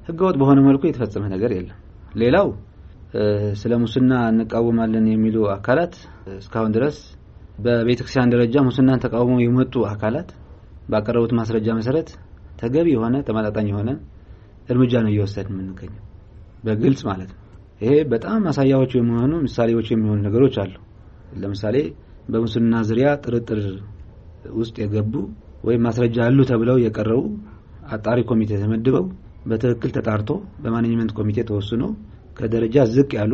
ህገወጥ በሆነ መልኩ የተፈጸመ ነገር የለም። ሌላው ስለ ሙስና እንቃወማለን የሚሉ አካላት እስካሁን ድረስ በቤተክርስቲያን ደረጃ ሙስናን ተቃውመው የመጡ አካላት ባቀረቡት ማስረጃ መሰረት ተገቢ የሆነ ተመጣጣኝ የሆነ እርምጃ ነው እየወሰድን የምንገኘው በግልጽ ማለት ነው። ይሄ በጣም ማሳያዎች የሚሆኑ ምሳሌዎች የሚሆኑ ነገሮች አሉ። ለምሳሌ በሙስና ዙሪያ ጥርጥር ውስጥ የገቡ ወይም ማስረጃ አሉ ተብለው የቀረቡ አጣሪ ኮሚቴ ተመድበው በትክክል ተጣርቶ በማኔጅመንት ኮሚቴ ተወስኖ ከደረጃ ዝቅ ያሉ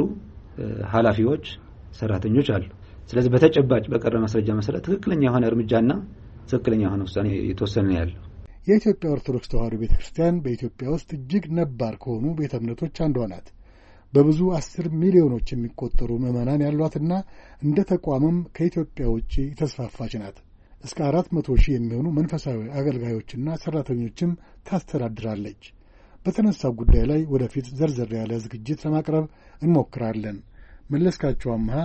ኃላፊዎች፣ ሰራተኞች አሉ። ስለዚህ በተጨባጭ በቀረ ማስረጃ መሰረት ትክክለኛ የሆነ እርምጃና ትክክለኛ የሆነ ውሳኔ የተወሰነ ያለው የኢትዮጵያ ኦርቶዶክስ ተዋሕዶ ቤተ ክርስቲያን በኢትዮጵያ ውስጥ እጅግ ነባር ከሆኑ ቤተ እምነቶች አንዷ ናት። በብዙ አስር ሚሊዮኖች የሚቆጠሩ ምዕመናን ያሏትና እንደ ተቋምም ከኢትዮጵያ ውጭ የተስፋፋች ናት። እስከ አራት መቶ ሺህ የሚሆኑ መንፈሳዊ አገልጋዮችና ሠራተኞችም ታስተዳድራለች። በተነሳው ጉዳይ ላይ ወደፊት ዘርዘር ያለ ዝግጅት ለማቅረብ እንሞክራለን። መለስካቸው አምሃ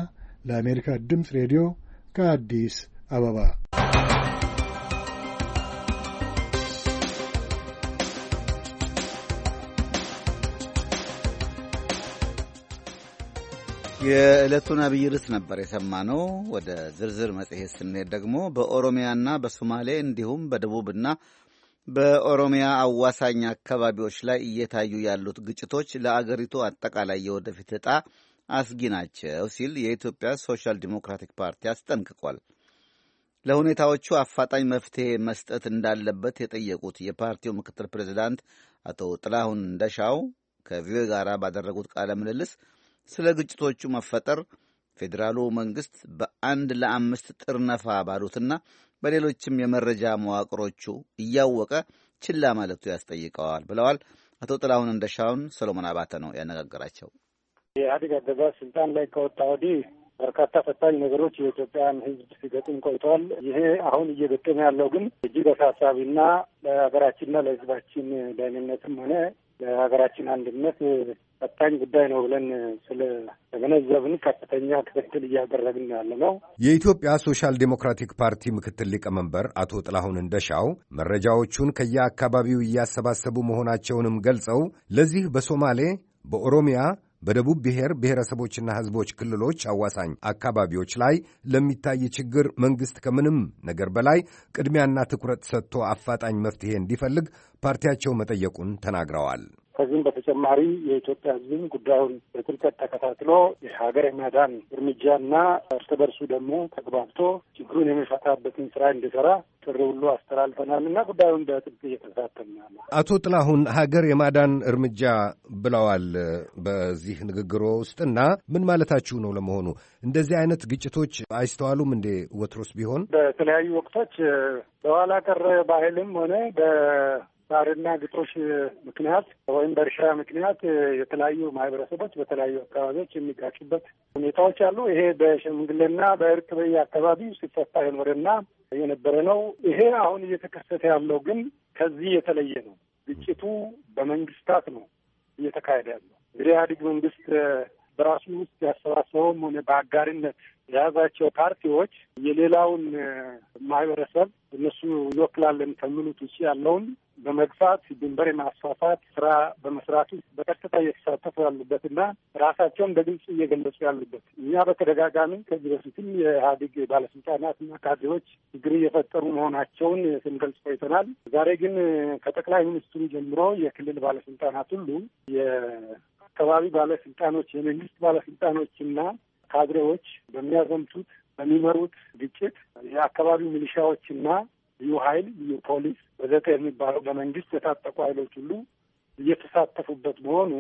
ለአሜሪካ ድምፅ ሬዲዮ ከአዲስ አበባ የዕለቱን አብይ ርዕስ ነበር የሰማነው። ወደ ዝርዝር መጽሔት ስንሄድ ደግሞ በኦሮሚያና በሶማሌ እንዲሁም በደቡብና በኦሮሚያ አዋሳኝ አካባቢዎች ላይ እየታዩ ያሉት ግጭቶች ለአገሪቱ አጠቃላይ የወደፊት ዕጣ አስጊ ናቸው ሲል የኢትዮጵያ ሶሻል ዲሞክራቲክ ፓርቲ አስጠንቅቋል። ለሁኔታዎቹ አፋጣኝ መፍትሄ መስጠት እንዳለበት የጠየቁት የፓርቲው ምክትል ፕሬዚዳንት አቶ ጥላሁን እንደሻው ከቪኦኤ ጋር ባደረጉት ቃለ ምልልስ ስለ ግጭቶቹ መፈጠር ፌዴራሉ መንግስት በአንድ ለአምስት ጥርነፋ ባሉትና በሌሎችም የመረጃ መዋቅሮቹ እያወቀ ችላ ማለቱ ያስጠይቀዋል ብለዋል አቶ ጥላሁን እንደሻውን ሰሎሞን አባተ ነው ያነጋገራቸው። የኢህአዴግ አገዛዝ ስልጣን ላይ ከወጣ ወዲህ በርካታ ፈታኝ ነገሮች የኢትዮጵያን ሕዝብ ሲገጥም ቆይተዋል። ይሄ አሁን እየገጠመ ያለው ግን እጅግ አሳሳቢና ለሀገራችንና ለሕዝባችን ደህንነትም ሆነ ለሀገራችን አንድነት ፈታኝ ጉዳይ ነው ብለን ስለተገነዘብን ከፍተኛ ክትትል እያደረግን ያለ ነው። የኢትዮጵያ ሶሻል ዴሞክራቲክ ፓርቲ ምክትል ሊቀመንበር አቶ ጥላሁን እንደሻው መረጃዎቹን ከየአካባቢው እያሰባሰቡ መሆናቸውንም ገልጸው ለዚህ በሶማሌ፣ በኦሮሚያ በደቡብ ብሔር ብሔረሰቦችና ሕዝቦች ክልሎች አዋሳኝ አካባቢዎች ላይ ለሚታይ ችግር መንግሥት ከምንም ነገር በላይ ቅድሚያና ትኩረት ሰጥቶ አፋጣኝ መፍትሄ እንዲፈልግ ፓርቲያቸው መጠየቁን ተናግረዋል። ከዚህም በተጨማሪ የኢትዮጵያ ሕዝብም ጉዳዩን በጥልቀት ተከታትሎ የሀገር የማዳን እርምጃና በርሱ ደግሞ ተግባብቶ ችግሩን የመፈታበትን ስራ እንዲሰራ ጥሪ ሁሉ አስተላልፈናል እና ጉዳዩን በጥብቅ እየተከታተልን አቶ ጥላሁን ሀገር የማዳን እርምጃ ብለዋል በዚህ ንግግሮ ውስጥ እና ምን ማለታችሁ ነው? ለመሆኑ እንደዚህ አይነት ግጭቶች አይስተዋሉም እንዴ? ወትሮስ ቢሆን በተለያዩ ወቅቶች በኋላ ቀር ባህልም ሆነ ሳርና ግጦሽ ምክንያት ወይም በእርሻ ምክንያት የተለያዩ ማህበረሰቦች በተለያዩ አካባቢዎች የሚጋጩበት ሁኔታዎች አሉ። ይሄ በሽምግልና በእርቅ በየአካባቢው ሲፈታ የኖረና የነበረ ነው። ይሄ አሁን እየተከሰተ ያለው ግን ከዚህ የተለየ ነው። ግጭቱ በመንግስታት ነው እየተካሄደ ያለው። እንግዲህ መንግስት በራሱ ውስጥ ያሰባሰበውም ሆነ በአጋርነት የያዛቸው ፓርቲዎች የሌላውን ማህበረሰብ እነሱ ይወክላለን ከሚሉት ውጭ ያለውን በመግፋት ድንበር የማስፋፋት ስራ በመስራት ውስጥ በቀጥታ እየተሳተፉ ያሉበትና ራሳቸውን በግልጽ እየገለጹ ያሉበት እኛ በተደጋጋሚ ከዚህ በፊትም የኢህአዴግ ባለስልጣናትና ካድሬዎች ችግር እየፈጠሩ መሆናቸውን ስንገልጽ ቆይተናል። ዛሬ ግን ከጠቅላይ ሚኒስትሩ ጀምሮ የክልል ባለስልጣናት ሁሉ አካባቢ ባለስልጣኖች፣ የመንግስት ባለስልጣኖች እና ካድሬዎች በሚያዘምቱት በሚመሩት ግጭት የአካባቢው ሚሊሻዎች እና ልዩ ኃይል፣ ልዩ ፖሊስ ወዘተ የሚባለው በመንግስት የታጠቁ ኃይሎች ሁሉ እየተሳተፉበት መሆኑ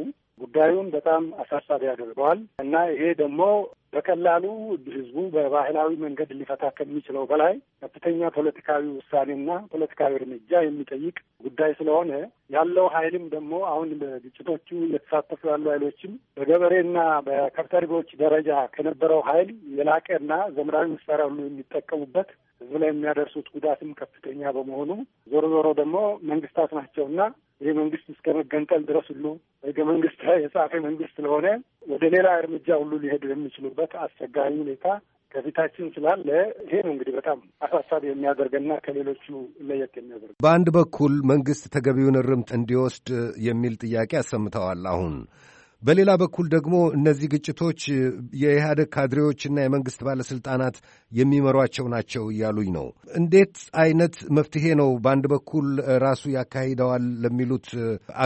ጉዳዩን በጣም አሳሳቢ ያደርገዋል እና ይሄ ደግሞ በቀላሉ ህዝቡ በባህላዊ መንገድ ሊፈታ ከሚችለው በላይ ከፍተኛ ፖለቲካዊ ውሳኔና ፖለቲካዊ እርምጃ የሚጠይቅ ጉዳይ ስለሆነ ያለው ኃይልም ደግሞ አሁን በግጭቶቹ እየተሳተፉ ያሉ ኃይሎችም በገበሬና በከብት አርቢዎች ደረጃ ከነበረው ኃይል የላቀና ዘመናዊ መሳሪያ ሁሉ የሚጠቀሙበት ህዝብ ላይ የሚያደርሱት ጉዳትም ከፍተኛ በመሆኑ ዞሮ ዞሮ ደግሞ መንግስታት ናቸውና ይህ መንግስት እስከ መገንጠል ድረስ ሁሉ ህገ መንግስት የጻፈ መንግስት ስለሆነ ወደ ሌላ እርምጃ ሁሉ ሊሄዱ የሚችሉበት አስቸጋሪ ሁኔታ ከፊታችን ስላለ ይሄ ነው እንግዲህ በጣም አሳሳቢ የሚያደርገና ከሌሎቹ ለየት የሚያደርግ። በአንድ በኩል መንግስት ተገቢውን እርምት እንዲወስድ የሚል ጥያቄ አሰምተዋል አሁን በሌላ በኩል ደግሞ እነዚህ ግጭቶች የኢህአደግ ካድሬዎችና የመንግስት ባለስልጣናት የሚመሯቸው ናቸው እያሉኝ ነው። እንዴት አይነት መፍትሄ ነው በአንድ በኩል ራሱ ያካሂደዋል ለሚሉት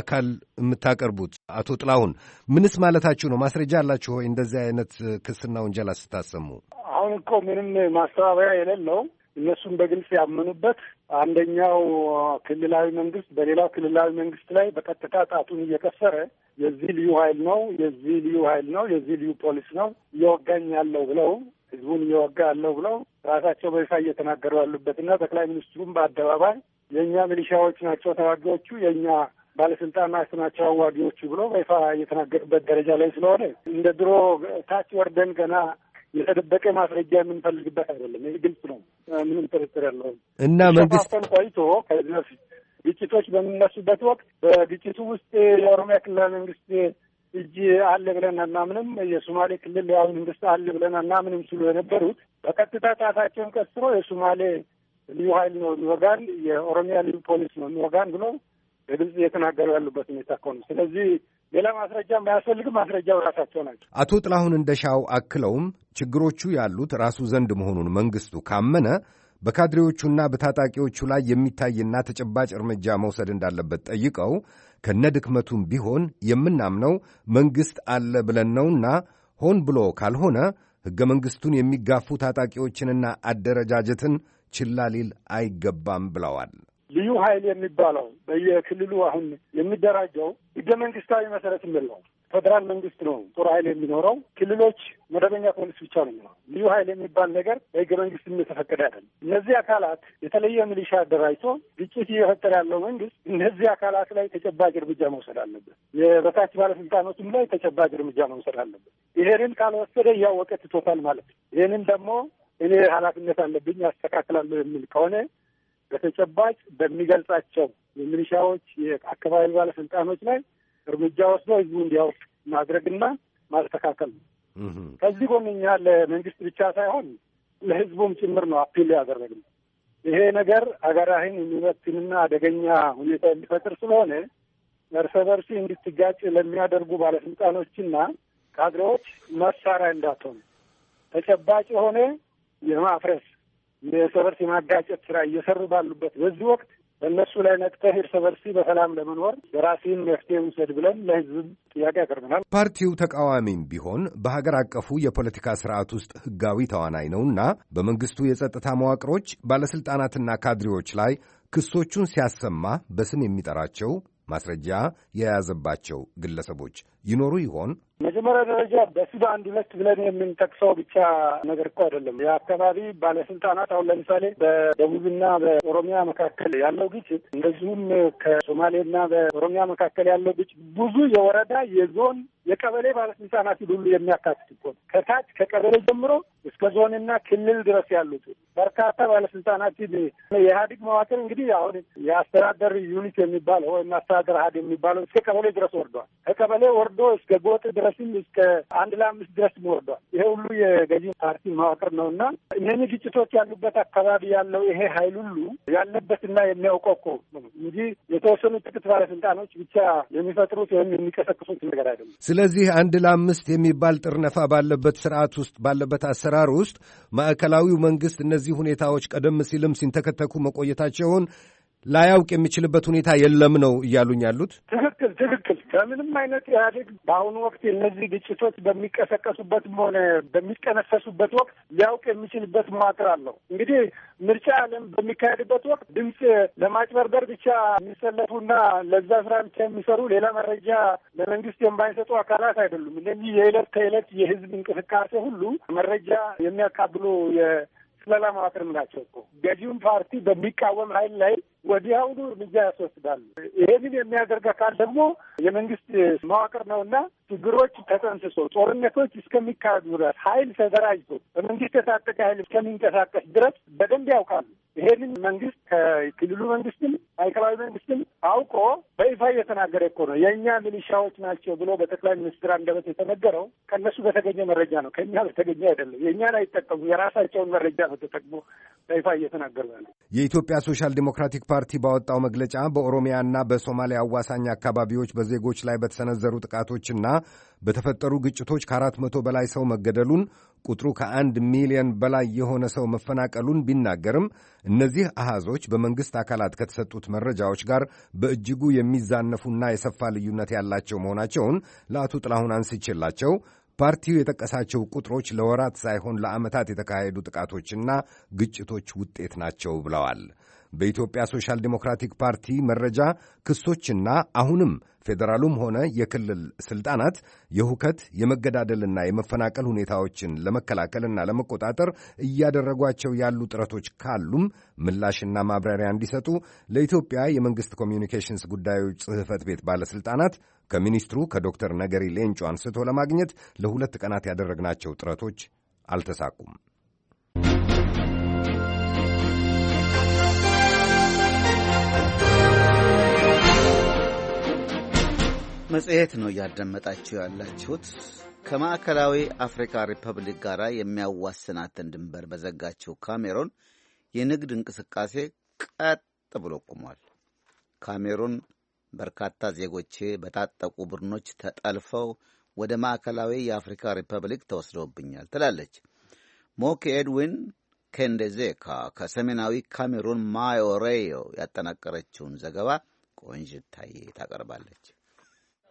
አካል የምታቀርቡት? አቶ ጥላሁን ምንስ ማለታችሁ ነው? ማስረጃ አላችሁ ሆይ? እንደዚህ አይነት ክስና ውንጀላ ስታሰሙ አሁን እኮ ምንም ማስተባበያ የሌለው እነሱም በግልጽ ያመኑበት አንደኛው ክልላዊ መንግስት በሌላው ክልላዊ መንግስት ላይ በቀጥታ ጣቱን እየቀሰረ የዚህ ልዩ ኃይል ነው የዚህ ልዩ ኃይል ነው የዚህ ልዩ ፖሊስ ነው እየወጋኝ ያለው ብለው ህዝቡን እየወጋ ያለው ብለው ራሳቸው በይፋ እየተናገሩ ያሉበትና ጠቅላይ ሚኒስትሩም በአደባባይ የእኛ ሚሊሻዎች ናቸው ተዋጊዎቹ የእኛ ባለስልጣናት ናቸው አዋጊዎቹ ብሎ በይፋ እየተናገሩበት ደረጃ ላይ ስለሆነ እንደ ድሮ ታች ወርደን ገና የተደበቀ ማስረጃ የምንፈልግበት አይደለም። ይህ ግልጽ ነው። ምንም ጥርጥር ያለውም እና መንግስት ቆይቶ ከዚህ በፊት ግጭቶች በሚነሱበት ወቅት በግጭቱ ውስጥ የኦሮሚያ ክልላዊ መንግስት እጅ አለ ብለን አናምንም፣ የሶማሌ ክልል ያው መንግስት አለ ብለን አናምንም ሲሉ የነበሩት በቀጥታ ጣታቸውን ቀስሮ የሶማሌ ልዩ ኃይል ነው የሚወጋን፣ የኦሮሚያ ልዩ ፖሊስ ነው የሚወጋን ብሎ በግልጽ እየተናገሩ ያሉበት ሁኔታ ከሆነ ስለዚህ ሌላ ማስረጃ የማያስፈልግም። ማስረጃው ራሳቸው ናቸው። አቶ ጥላሁን እንደሻው አክለውም ችግሮቹ ያሉት ራሱ ዘንድ መሆኑን መንግስቱ ካመነ በካድሬዎቹና በታጣቂዎቹ ላይ የሚታይና ተጨባጭ እርምጃ መውሰድ እንዳለበት ጠይቀው ድክመቱም ቢሆን የምናምነው መንግሥት አለ ብለን ነውና ሆን ብሎ ካልሆነ ሕገ መንግሥቱን የሚጋፉ ታጣቂዎችንና አደረጃጀትን ችላ ሊል አይገባም ብለዋል። ልዩ ኃይል የሚባለው በየክልሉ አሁን የሚደራጀው ህገ መንግስታዊ መሰረት የለው። ፌዴራል መንግስት ነው ጦር ኃይል የሚኖረው። ክልሎች መደበኛ ፖሊስ ብቻ ነው ልዩ ኃይል የሚባል ነገር በህገ መንግስት የተፈቀደ አይደለም። እነዚህ አካላት የተለየ ሚሊሻ አደራጅቶ ግጭት እየፈጠረ ያለው መንግስት እነዚህ አካላት ላይ ተጨባጭ እርምጃ መውሰድ አለበት። የበታች ባለስልጣኖችም ላይ ተጨባጭ እርምጃ መውሰድ አለበት። ይሄንን ካልወሰደ እያወቀ ትቶታል ማለት ነው። ይህንን ደግሞ እኔ ኃላፊነት አለብኝ አስተካክላለሁ የሚል ከሆነ በተጨባጭ በሚገልጻቸው የሚሊሻዎች የአካባቢ ባለስልጣኖች ላይ እርምጃ ወስዶ ህዝቡ እንዲያውቅ ማድረግና ማስተካከል ነው። ከዚህ ጎን እኛ ለመንግስት ብቻ ሳይሆን ለህዝቡም ጭምር ነው አፒል ያደረግነው። ይሄ ነገር አገራህን የሚበትንና አደገኛ ሁኔታ የሚፈጥር ስለሆነ እርስ በርስ እንድትጋጭ ለሚያደርጉ ባለስልጣኖችና ካድሬዎች መሳሪያ እንዳትሆኑ ተጨባጭ የሆነ የማፍረስ የእርስ በርስ የማጋጨት ስራ እየሰሩ ባሉበት በዚህ ወቅት በእነሱ ላይ ነቅተህ እርስ በርስ በሰላም ለመኖር የራስህን መፍትሄ ውሰድ ብለን ለህዝብ ጥያቄ ያቀርብናል። ፓርቲው ተቃዋሚም ቢሆን በሀገር አቀፉ የፖለቲካ ስርዓት ውስጥ ህጋዊ ተዋናይ ነውና በመንግስቱ የጸጥታ መዋቅሮች ባለስልጣናትና ካድሬዎች ላይ ክሶቹን ሲያሰማ በስም የሚጠራቸው ማስረጃ የያዘባቸው ግለሰቦች ይኖሩ ይሆን? መጀመሪያ ደረጃ በሱዳን አንድ ብለን የምንጠቅሰው ብቻ ነገር እኮ አይደለም። የአካባቢ ባለስልጣናት አሁን ለምሳሌ በደቡብና በኦሮሚያ መካከል ያለው ግጭት፣ እንደዚሁም ከሶማሌና በኦሮሚያ መካከል ያለው ግጭት ብዙ የወረዳ የዞን የቀበሌ ባለስልጣናት ሁሉ የሚያካትት እኮ ከታች ከቀበሌ ጀምሮ እስከ ዞንና ክልል ድረስ ያሉት በርካታ ባለስልጣናት የኢህአዴግ መዋቅር እንግዲህ አሁን የአስተዳደር ዩኒት የሚባለው ወይም አስተዳደር ሀድ የሚባለው እስከ ቀበሌ ድረስ ወርዷል። ከቀበሌ ወር ወርዶ እስከ ጎጥ ድረስም እስከ አንድ ለአምስት ድረስ ወርዷል። ይሄ ሁሉ የገዢ ፓርቲ መዋቅር ነው እና እነኚህ ግጭቶች ያሉበት አካባቢ ያለው ይሄ ሀይል ሁሉ ያለበትና የሚያውቀው እኮ እንጂ የተወሰኑ ጥቂት ባለስልጣኖች ብቻ የሚፈጥሩት ወይም የሚቀሰቅሱት ነገር አይደለም። ስለዚህ አንድ ለአምስት የሚባል ጥርነፋ ባለበት ስርዓት ውስጥ ባለበት አሰራር ውስጥ ማዕከላዊው መንግስት እነዚህ ሁኔታዎች ቀደም ሲልም ሲንተከተኩ መቆየታቸውን ላያውቅ የሚችልበት ሁኔታ የለም ነው እያሉኝ ያሉት። ትክክል ትክክል። በምንም አይነት ኢህአዴግ በአሁኑ ወቅት እነዚህ ግጭቶች በሚቀሰቀሱበትም ሆነ በሚቀነሰሱበት ወቅት ሊያውቅ የሚችልበት መዋቅር አለው። እንግዲህ ምርጫ ዓለም በሚካሄድበት ወቅት ድምፅ ለማጭበርበር ብቻ የሚሰለፉና ለዛ ስራ ብቻ የሚሰሩ ሌላ መረጃ ለመንግስት የማይሰጡ አካላት አይደሉም። እነዚህ የዕለት ከዕለት የህዝብ እንቅስቃሴ ሁሉ መረጃ የሚያቃብሉ የስለላ መዋቅርም ናቸው። ገዢውን ፓርቲ በሚቃወም ኃይል ላይ ወዲያውኑ እርምጃ ያስወስዳሉ። ይሄንን የሚያደርግ አካል ደግሞ የመንግስት መዋቅር ነውና ችግሮች ተጠንስሶ ጦርነቶች እስከሚካሄዱ ድረስ ኃይል ተደራጅቶ በመንግስት የታጠቀ ኃይል እስከሚንቀሳቀስ ድረስ በደንብ ያውቃሉ። ይሄንን መንግስት ከክልሉ መንግስትም ማዕከላዊ መንግስትም አውቆ በይፋ እየተናገረ እኮ ነው። የእኛ ሚሊሻዎች ናቸው ብሎ በጠቅላይ ሚኒስትር አንደበት የተነገረው ከእነሱ በተገኘ መረጃ ነው፣ ከእኛ በተገኘ አይደለም። የእኛን አይጠቀሙ፣ የራሳቸውን መረጃ ነው ተጠቅሞ በይፋ እየተናገሩ ያለ የኢትዮጵያ ሶሻል ዲሞክራቲክ ፓርቲ ባወጣው መግለጫ በኦሮሚያና በሶማሊያ አዋሳኝ አካባቢዎች በዜጎች ላይ በተሰነዘሩ ጥቃቶችና በተፈጠሩ ግጭቶች ከአራት መቶ በላይ ሰው መገደሉን ቁጥሩ ከአንድ ሚሊዮን በላይ የሆነ ሰው መፈናቀሉን ቢናገርም እነዚህ አሃዞች በመንግሥት አካላት ከተሰጡት መረጃዎች ጋር በእጅጉ የሚዛነፉና የሰፋ ልዩነት ያላቸው መሆናቸውን ለአቶ ጥላሁን አንስቼላቸው ፓርቲው የጠቀሳቸው ቁጥሮች ለወራት ሳይሆን ለዓመታት የተካሄዱ ጥቃቶችና ግጭቶች ውጤት ናቸው ብለዋል። በኢትዮጵያ ሶሻል ዲሞክራቲክ ፓርቲ መረጃ ክሶችና አሁንም ፌዴራሉም ሆነ የክልል ስልጣናት የሁከት የመገዳደልና የመፈናቀል ሁኔታዎችን ለመከላከልና ለመቆጣጠር እያደረጓቸው ያሉ ጥረቶች ካሉም ምላሽና ማብራሪያ እንዲሰጡ ለኢትዮጵያ የመንግሥት ኮሚኒኬሽንስ ጉዳዮች ጽሕፈት ቤት ባለሥልጣናት ከሚኒስትሩ ከዶክተር ነገሪ ሌንጮ አንስቶ ለማግኘት ለሁለት ቀናት ያደረግናቸው ጥረቶች አልተሳኩም። መጽሔት ነው እያዳመጣችሁ ያላችሁት። ከማዕከላዊ አፍሪካ ሪፐብሊክ ጋር የሚያዋስናትን ድንበር በዘጋችው ካሜሮን የንግድ እንቅስቃሴ ቀጥ ብሎ ቆሟል። ካሜሩን በርካታ ዜጎቼ በታጠቁ ቡድኖች ተጠልፈው ወደ ማዕከላዊ የአፍሪካ ሪፐብሊክ ተወስደውብኛል ትላለች። ሞክ ኤድዊን ኬንደዜካ ከሰሜናዊ ካሜሩን ማዮሬዮ ያጠናቀረችውን ዘገባ ቆንጅታዬ ታቀርባለች።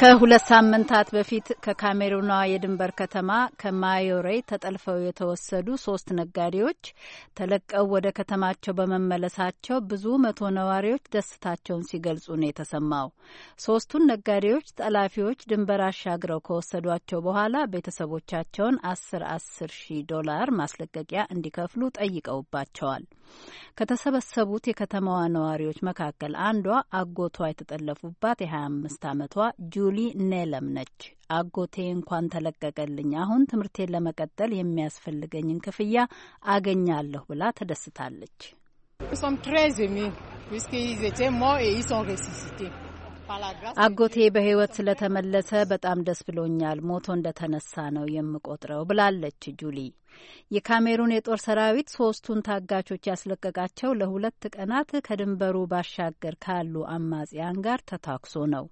ከሁለት ሳምንታት በፊት ከካሜሩኗ የድንበር ከተማ ከማዮሬ ተጠልፈው የተወሰዱ ሶስት ነጋዴዎች ተለቀው ወደ ከተማቸው በመመለሳቸው ብዙ መቶ ነዋሪዎች ደስታቸውን ሲገልጹ ነው የተሰማው። ሶስቱን ነጋዴዎች ጠላፊዎች ድንበር አሻግረው ከወሰዷቸው በኋላ ቤተሰቦቻቸውን አስር አስር ሺ ዶላር ማስለቀቂያ እንዲከፍሉ ጠይቀውባቸዋል። ከተሰበሰቡት የከተማዋ ነዋሪዎች መካከል አንዷ አጎቷ የተጠለፉባት የ25 ዓመቷ ጁ ጁሊ ኔለም ነች። አጎቴ እንኳን ተለቀቀልኝ፣ አሁን ትምህርቴን ለመቀጠል የሚያስፈልገኝን ክፍያ አገኛለሁ ብላ ተደስታለች። አጎቴ በሕይወት ስለተመለሰ በጣም ደስ ብሎኛል። ሞቶ እንደተነሳ ነው የምቆጥረው ብላለች ጁሊ። የካሜሩን የጦር ሰራዊት ሶስቱን ታጋቾች ያስለቀቃቸው ለሁለት ቀናት ከድንበሩ ባሻገር ካሉ አማጽያን ጋር ተታኩሶ ነው።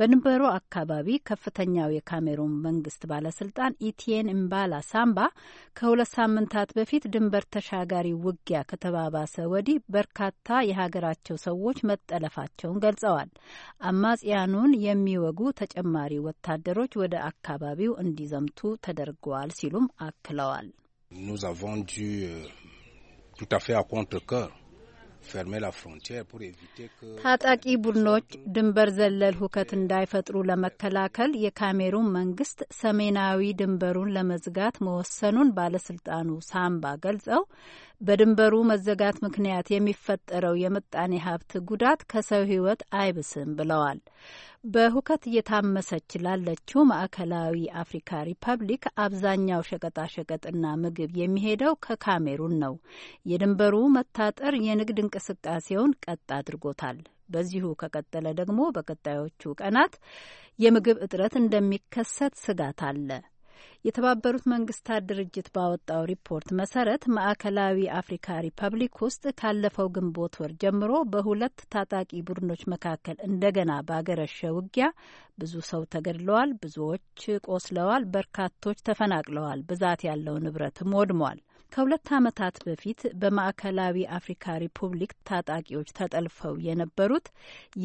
በድንበሩ አካባቢ ከፍተኛው የካሜሩን መንግስት ባለስልጣን ኢቲን እምባላ ሳምባ ከሁለት ሳምንታት በፊት ድንበር ተሻጋሪ ውጊያ ከተባባሰ ወዲህ በርካታ የሀገራቸው ሰዎች መጠለፋቸውን ገልጸዋል። አማጽያኑን የሚወጉ ተጨማሪ ወታደሮች ወደ አካባቢው እንዲዘምቱ ተደርገዋል ሲሉም አክለዋል። ታጣቂ ቡድኖች ድንበር ዘለል ሁከት እንዳይፈጥሩ ለመከላከል የካሜሩን መንግስት ሰሜናዊ ድንበሩን ለመዝጋት መወሰኑን ባለስልጣኑ ሳምባ ገልጸው በድንበሩ መዘጋት ምክንያት የሚፈጠረው የምጣኔ ሀብት ጉዳት ከሰው ሕይወት አይብስም ብለዋል። በሁከት እየታመሰች ላለችው ማዕከላዊ አፍሪካ ሪፐብሊክ አብዛኛው ሸቀጣሸቀጥና ምግብ የሚሄደው ከካሜሩን ነው። የድንበሩ መታጠር የንግድ እንቅስቃሴውን ቀጥ አድርጎታል። በዚሁ ከቀጠለ ደግሞ በቀጣዮቹ ቀናት የምግብ እጥረት እንደሚከሰት ስጋት አለ። የተባበሩት መንግስታት ድርጅት ባወጣው ሪፖርት መሰረት ማዕከላዊ አፍሪካ ሪፐብሊክ ውስጥ ካለፈው ግንቦት ወር ጀምሮ በሁለት ታጣቂ ቡድኖች መካከል እንደገና ባገረሸ ውጊያ ብዙ ሰው ተገድለዋል፣ ብዙዎች ቆስለዋል፣ በርካቶች ተፈናቅለዋል፣ ብዛት ያለው ንብረትም ወድሟል። ከሁለት ዓመታት በፊት በማዕከላዊ አፍሪካ ሪፑብሊክ ታጣቂዎች ተጠልፈው የነበሩት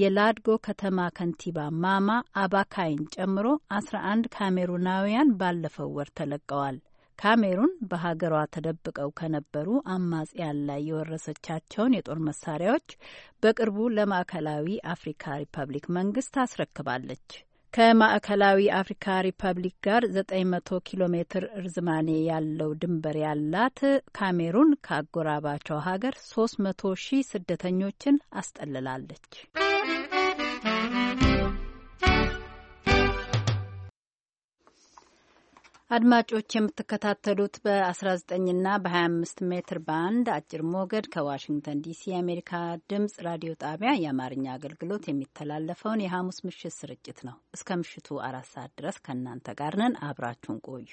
የላድጎ ከተማ ከንቲባ ማማ አባካይን ጨምሮ አስራ አንድ ካሜሩናውያን ባለፈው ወር ተለቀዋል። ካሜሩን በሀገሯ ተደብቀው ከነበሩ አማጽያን ላይ የወረሰቻቸውን የጦር መሳሪያዎች በቅርቡ ለማዕከላዊ አፍሪካ ሪፐብሊክ መንግስት አስረክባለች። ከማዕከላዊ አፍሪካ ሪፐብሊክ ጋር 900 ኪሎ ሜትር እርዝማኔ ያለው ድንበር ያላት ካሜሩን ከአጎራባቸው ሀገር 300 ሺህ ስደተኞችን አስጠልላለች። አድማጮች የምትከታተሉት በ19ና በ25 ሜትር ባንድ አጭር ሞገድ ከዋሽንግተን ዲሲ የአሜሪካ ድምጽ ራዲዮ ጣቢያ የአማርኛ አገልግሎት የሚተላለፈውን የሐሙስ ምሽት ስርጭት ነው። እስከ ምሽቱ አራት ሰዓት ድረስ ከእናንተ ጋር ነን። አብራችሁን ቆዩ።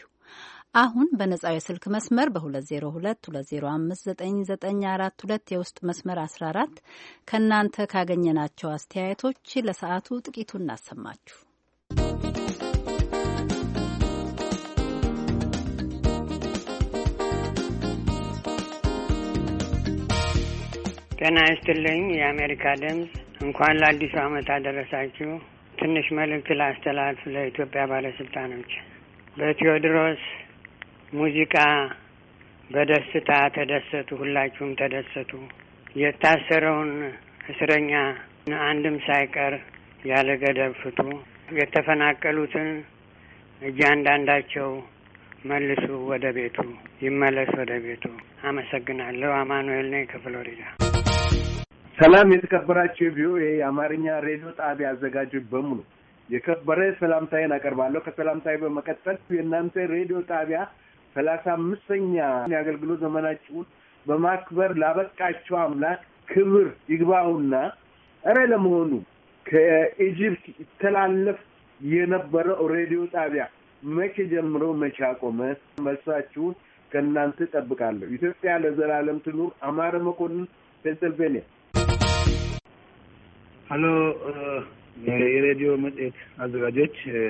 አሁን በነጻው የስልክ መስመር በ2022059942 የውስጥ መስመር 14 ከእናንተ ካገኘናቸው አስተያየቶች ለሰዓቱ ጥቂቱ እናሰማችሁ። ጤና ይስጥልኝ። የአሜሪካ ድምፅ እንኳን ለአዲሱ ዓመት አደረሳችሁ። ትንሽ መልእክት ላስተላልፍ ለኢትዮጵያ ባለስልጣኖች። በቴዎድሮስ ሙዚቃ በደስታ ተደሰቱ፣ ሁላችሁም ተደሰቱ። የታሰረውን እስረኛ አንድም ሳይቀር ያለ ገደብ ፍቱ። የተፈናቀሉትን እያንዳንዳቸው መልሱ፣ ወደ ቤቱ ይመለስ፣ ወደ ቤቱ። አመሰግናለሁ። አማኑኤል ነኝ ከፍሎሪዳ። ሰላም የተከበራችሁ የቪኦኤ የአማርኛ ሬዲዮ ጣቢያ አዘጋጆች በሙሉ የከበረ ሰላምታዬን አቀርባለሁ። ከሰላምታዬ በመቀጠል የእናንተ ሬዲዮ ጣቢያ ሰላሳ አምስተኛ የአገልግሎት ዘመናችሁን በማክበር ላበቃችሁ አምላክ ክብር ይግባውና እረ ለመሆኑ ከኢጅፕት ይተላለፍ የነበረው ሬዲዮ ጣቢያ መቼ ጀምሮ መቼ አቆመ? መልሳችሁን ከእናንተ ጠብቃለሁ። ኢትዮጵያ ለዘላለም ትኑር። አማረ መኮንን ፔንስልቬኒያ ሀሎ uh, የሬዲዮ መጽሔት አዘጋጆች፣ uh,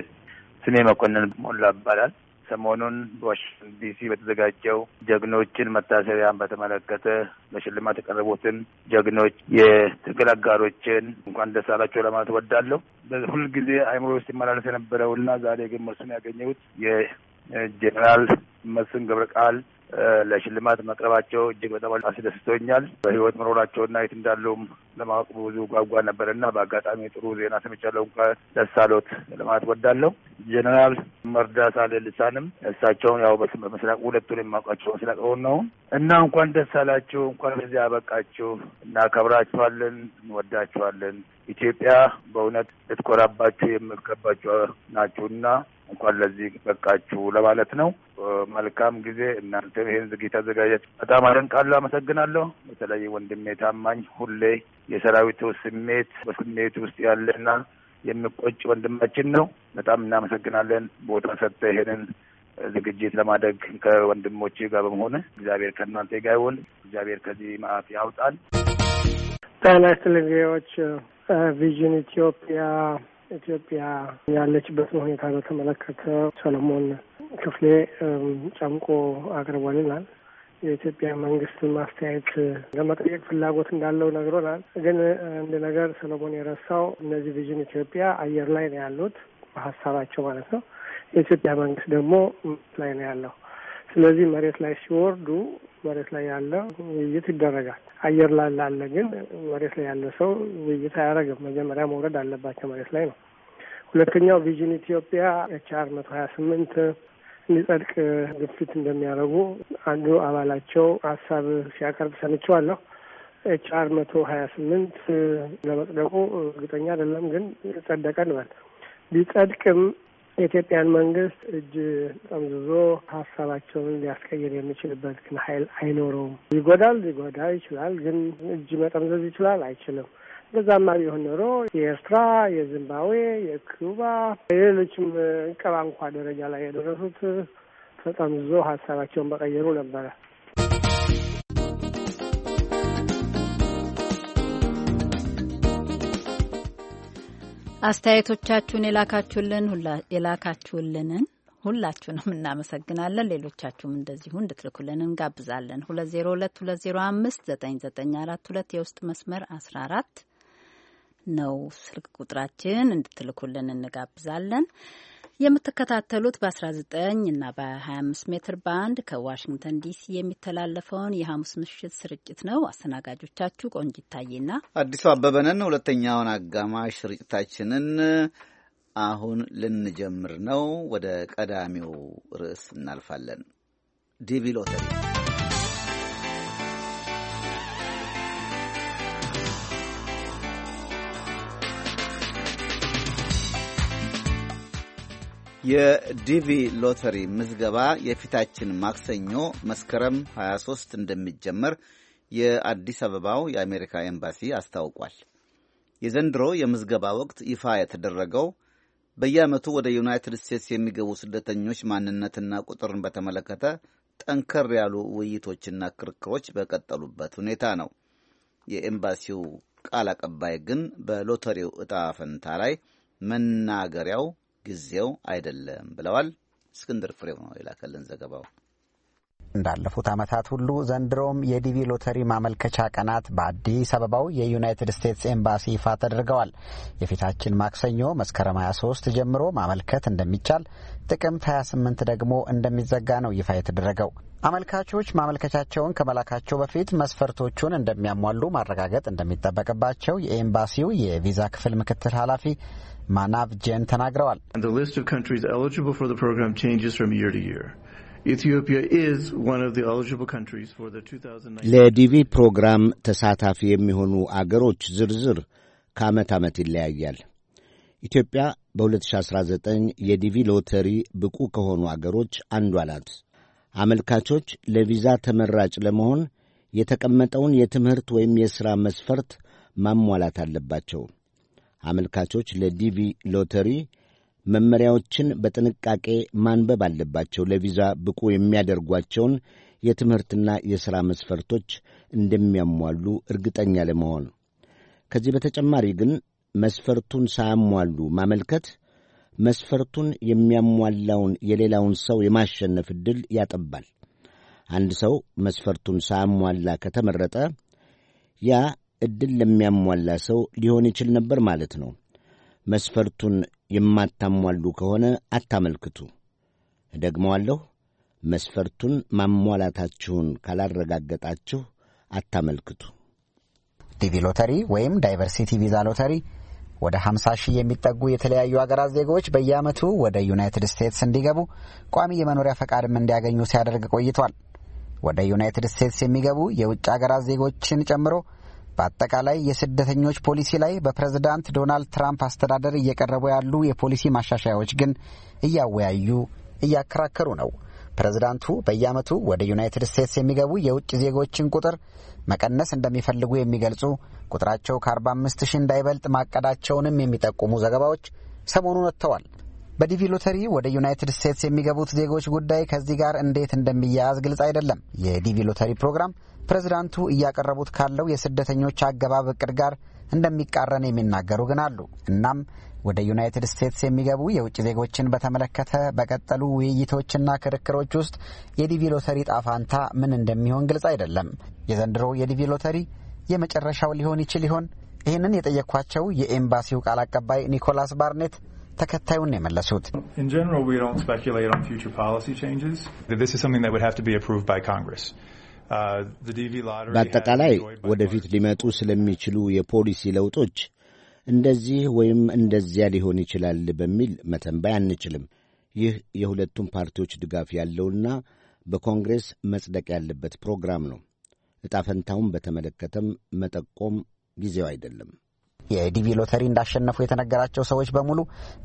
ስሜ መኮንን ሞላ ይባላል። ሰሞኑን በዋሽንግተን ዲሲ በተዘጋጀው ጀግኖችን መታሰቢያን በተመለከተ በሽልማት የቀረቡትን ጀግኖች የትግል አጋሮችን እንኳን ደስ አላቸው ለማለት እወዳለሁ። ሁልጊዜ አይምሮ ውስጥ ይመላለስ የነበረውና ዛሬ ግን መልሱን ያገኘሁት የጀኔራል መስፍን ገብረ ቃል ለሽልማት መቅረባቸው እጅግ በጣም አስደስቶኛል። በህይወት መኖራቸውና የት እንዳሉም ለማወቅ ብዙ ጓጓ ነበርና በአጋጣሚ ጥሩ ዜና ሰምቻለሁ። እንኳን ደስ አሎት ለማለት ወዳለሁ። ጀኔራል መርዳሳ ሌሊሳንም እሳቸውን ያው በምስራቅ ሁለቱን የማውቃቸው ምስራቅ ሆን ነው እና እንኳን ደስ አላችሁ፣ እንኳን ለዚህ አበቃችሁ። እናከብራችኋለን፣ እንወዳችኋለን። ኢትዮጵያ በእውነት ልትኮራባችሁ የሚገባችሁ ናችሁና እንኳን ለዚህ በቃችሁ ለማለት ነው። መልካም ጊዜ። እናንተ ይህን ዝግጅት አዘጋጀት በጣም አደንቃለሁ፣ አመሰግናለሁ። በተለይ ወንድሜ ታማኝ ሁሌ የሰራዊቱ ስሜት በስሜት ውስጥ ያለና የሚቆጭ ወንድማችን ነው። በጣም እናመሰግናለን ቦታ ሰጥተ ይሄንን ዝግጅት ለማድረግ ከወንድሞች ጋር በመሆን እግዚአብሔር ከእናንተ ጋር ይሁን። እግዚአብሔር ከዚህ ማዕት ያውጣል። ጤና ይስጥልኝ ጊዜዎች ቪዥን ኢትዮጵያ ኢትዮጵያ ያለችበትን ሁኔታ በተመለከተ ሰለሞን ክፍሌ ጨምቆ አቅርቦልናል። የኢትዮጵያ መንግስትን ማስተያየት ለመጠየቅ ፍላጎት እንዳለው ነግሮናል። ግን አንድ ነገር ሰለሞን የረሳው እነዚህ ቪዥን ኢትዮጵያ አየር ላይ ነው ያሉት በሀሳባቸው ማለት ነው። የኢትዮጵያ መንግስት ደግሞ ላይ ነው ያለው። ስለዚህ መሬት ላይ ሲወርዱ መሬት ላይ ያለ ውይይት ይደረጋል። አየር ላይ ላለ ግን መሬት ላይ ያለ ሰው ውይይት አያደርግም። መጀመሪያ መውረድ አለባቸው መሬት ላይ ነው። ሁለተኛው ቪዥን ኢትዮጵያ ኤች አር መቶ ሀያ ስምንት እንዲጸድቅ ግፊት እንደሚያደርጉ አንዱ አባላቸው ሀሳብ ሲያቀርብ ሰምቼዋለሁ። ኤች አር መቶ ሀያ ስምንት ለመጽደቁ እርግጠኛ አይደለም፣ ግን ጸደቀ እንበል ቢጸድቅም የኢትዮጵያን መንግስት እጅ ጠምዝዞ ሀሳባቸውን ሊያስቀይር የሚችልበት ግን ሀይል አይኖረውም። ይጎዳል፣ ሊጎዳ ይችላል፣ ግን እጅ መጠምዘዝ ይችላል አይችልም። በዛማ ቢሆን ኖሮ የኤርትራ፣ የዚምባብዌ፣ የኩባ የሌሎችም ቀባ እንኳ ደረጃ ላይ የደረሱት ተጠምዝዞ ሀሳባቸውን በቀየሩ ነበረ። አስተያየቶቻችሁን የላካችሁልን የላካችሁልንን ሁላችሁንም እናመሰግናለን። ሌሎቻችሁም እንደዚሁ እንድትልኩልን እንጋብዛለን። ሁለት ዜሮ ሁለት ሁለት ዜሮ አምስት ዘጠኝ ዘጠኝ አራት ሁለት የውስጥ መስመር አስራ አራት ነው ስልክ ቁጥራችን እንድትልኩልን እንጋብዛለን። የምትከታተሉት በ19 እና በ25 ሜትር ባንድ ከዋሽንግተን ዲሲ የሚተላለፈውን የሐሙስ ምሽት ስርጭት ነው። አስተናጋጆቻችሁ ቆንጅ ይታየና አዲሱ አበበንን። ሁለተኛውን አጋማሽ ስርጭታችንን አሁን ልንጀምር ነው። ወደ ቀዳሚው ርዕስ እናልፋለን። ዲቪ ሎተሪ የዲቪ ሎተሪ ምዝገባ የፊታችን ማክሰኞ መስከረም 23 እንደሚጀመር የአዲስ አበባው የአሜሪካ ኤምባሲ አስታውቋል። የዘንድሮ የምዝገባ ወቅት ይፋ የተደረገው በየዓመቱ ወደ ዩናይትድ ስቴትስ የሚገቡ ስደተኞች ማንነትና ቁጥርን በተመለከተ ጠንከር ያሉ ውይይቶችና ክርክሮች በቀጠሉበት ሁኔታ ነው። የኤምባሲው ቃል አቀባይ ግን በሎተሪው እጣ ፈንታ ላይ መናገሪያው ጊዜው አይደለም ብለዋል። እስክንድር ፍሬው ነው የላከልን ዘገባው። እንዳለፉት ዓመታት ሁሉ ዘንድሮም የዲቪ ሎተሪ ማመልከቻ ቀናት በአዲስ አበባው የዩናይትድ ስቴትስ ኤምባሲ ይፋ ተደርገዋል። የፊታችን ማክሰኞ መስከረም 23 ጀምሮ ማመልከት እንደሚቻል፣ ጥቅምት 28 ደግሞ እንደሚዘጋ ነው ይፋ የተደረገው። አመልካቾች ማመልከቻቸውን ከመላካቸው በፊት መስፈርቶቹን እንደሚያሟሉ ማረጋገጥ እንደሚጠበቅባቸው የኤምባሲው የቪዛ ክፍል ምክትል ኃላፊ ማናቭ ጄን ተናግረዋል። ለዲቪ ፕሮግራም ተሳታፊ የሚሆኑ አገሮች ዝርዝር ከዓመት ዓመት ይለያያል። ኢትዮጵያ በ2019 የዲቪ ሎተሪ ብቁ ከሆኑ አገሮች አንዷ ናት። አመልካቾች ለቪዛ ተመራጭ ለመሆን የተቀመጠውን የትምህርት ወይም የሥራ መስፈርት ማሟላት አለባቸው። አመልካቾች ለዲቪ ሎተሪ መመሪያዎችን በጥንቃቄ ማንበብ አለባቸው። ለቪዛ ብቁ የሚያደርጓቸውን የትምህርትና የሥራ መስፈርቶች እንደሚያሟሉ እርግጠኛ ለመሆን ከዚህ በተጨማሪ ግን መስፈርቱን ሳያሟሉ ማመልከት መስፈርቱን የሚያሟላውን የሌላውን ሰው የማሸነፍ ዕድል ያጠባል። አንድ ሰው መስፈርቱን ሳያሟላ ከተመረጠ ያ ዕድል ለሚያሟላ ሰው ሊሆን ይችል ነበር ማለት ነው። መስፈርቱን የማታሟሉ ከሆነ አታመልክቱ። እደግመዋለሁ። መስፈርቱን ማሟላታችሁን ካላረጋገጣችሁ አታመልክቱ። ዲቪ ሎተሪ ወይም ዳይቨርሲቲ ቪዛ ሎተሪ ወደ 50 ሺህ የሚጠጉ የተለያዩ አገራት ዜጎች በየዓመቱ ወደ ዩናይትድ ስቴትስ እንዲገቡ ቋሚ የመኖሪያ ፈቃድም እንዲያገኙ ሲያደርግ ቆይቷል። ወደ ዩናይትድ ስቴትስ የሚገቡ የውጭ አገራት ዜጎችን ጨምሮ በአጠቃላይ የስደተኞች ፖሊሲ ላይ በፕሬዝዳንት ዶናልድ ትራምፕ አስተዳደር እየቀረቡ ያሉ የፖሊሲ ማሻሻያዎች ግን እያወያዩ እያከራከሩ ነው። ፕሬዝዳንቱ በየዓመቱ ወደ ዩናይትድ ስቴትስ የሚገቡ የውጭ ዜጎችን ቁጥር መቀነስ እንደሚፈልጉ የሚገልጹ ቁጥራቸው ከ45 ሺህ እንዳይበልጥ ማቀዳቸውንም የሚጠቁሙ ዘገባዎች ሰሞኑን ወጥተዋል። በዲቪ ሎተሪ ወደ ዩናይትድ ስቴትስ የሚገቡት ዜጎች ጉዳይ ከዚህ ጋር እንዴት እንደሚያያዝ ግልጽ አይደለም። የዲቪ ሎተሪ ፕሮግራም ፕሬዝዳንቱ እያቀረቡት ካለው የስደተኞች አገባብ እቅድ ጋር እንደሚቃረን የሚናገሩ ግን አሉ። እናም ወደ ዩናይትድ ስቴትስ የሚገቡ የውጭ ዜጎችን በተመለከተ በቀጠሉ ውይይቶችና ክርክሮች ውስጥ የዲቪ ሎተሪ ጣፋንታ ምን እንደሚሆን ግልጽ አይደለም። የዘንድሮ የዲቪ ሎተሪ የመጨረሻው ሊሆን ይችል ይሆን? ይህንን የጠየቅኳቸው የኤምባሲው ቃል አቀባይ ኒኮላስ ባርኔት ተከታዩን የመለሱት uh, በአጠቃላይ ወደፊት ሊመጡ ስለሚችሉ የፖሊሲ ለውጦች እንደዚህ ወይም እንደዚያ ሊሆን ይችላል በሚል መተንባይ አንችልም። ይህ የሁለቱም ፓርቲዎች ድጋፍ ያለውና በኮንግሬስ መጽደቅ ያለበት ፕሮግራም ነው። ዕጣ ፈንታውን በተመለከተም መጠቆም ጊዜው አይደለም። የዲቪ ሎተሪ እንዳሸነፉ የተነገራቸው ሰዎች በሙሉ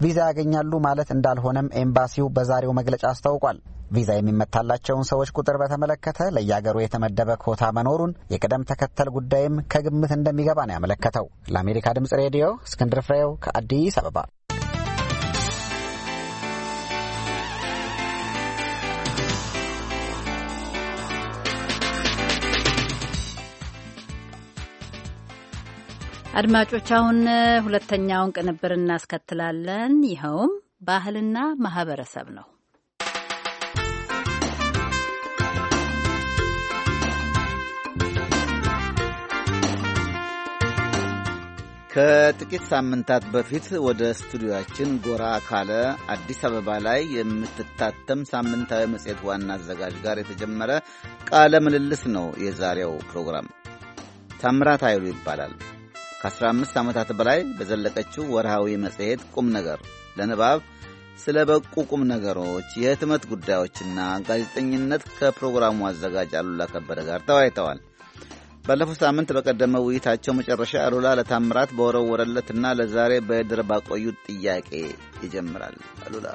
ቪዛ ያገኛሉ ማለት እንዳልሆነም ኤምባሲው በዛሬው መግለጫ አስታውቋል። ቪዛ የሚመታላቸውን ሰዎች ቁጥር በተመለከተ ለየአገሩ የተመደበ ኮታ መኖሩን የቅደም ተከተል ጉዳይም ከግምት እንደሚገባ ነው ያመለከተው። ለአሜሪካ ድምጽ ሬዲዮ እስክንድር ፍሬው ከአዲስ አበባ አድማጮች፣ አሁን ሁለተኛውን ቅንብር እናስከትላለን። ይኸውም ባህልና ማህበረሰብ ነው። ከጥቂት ሳምንታት በፊት ወደ ስቱዲዮአችን ጎራ ካለ አዲስ አበባ ላይ የምትታተም ሳምንታዊ መጽሔት ዋና አዘጋጅ ጋር የተጀመረ ቃለ ምልልስ ነው የዛሬው ፕሮግራም። ታምራት አይሉ ይባላል። ከ15 ዓመታት በላይ በዘለቀችው ወርሃዊ መጽሔት ቁም ነገር ለንባብ ስለ በቁ ቁም ነገሮች የህትመት ጉዳዮችና ጋዜጠኝነት ከፕሮግራሙ አዘጋጅ አሉላ ከበደ ጋር ተወያይተዋል። ባለፈው ሳምንት በቀደመ ውይይታቸው መጨረሻ አሉላ ለታምራት በወረወረለትና ለዛሬ በድር ባቆዩት ጥያቄ ይጀምራል። አሉላ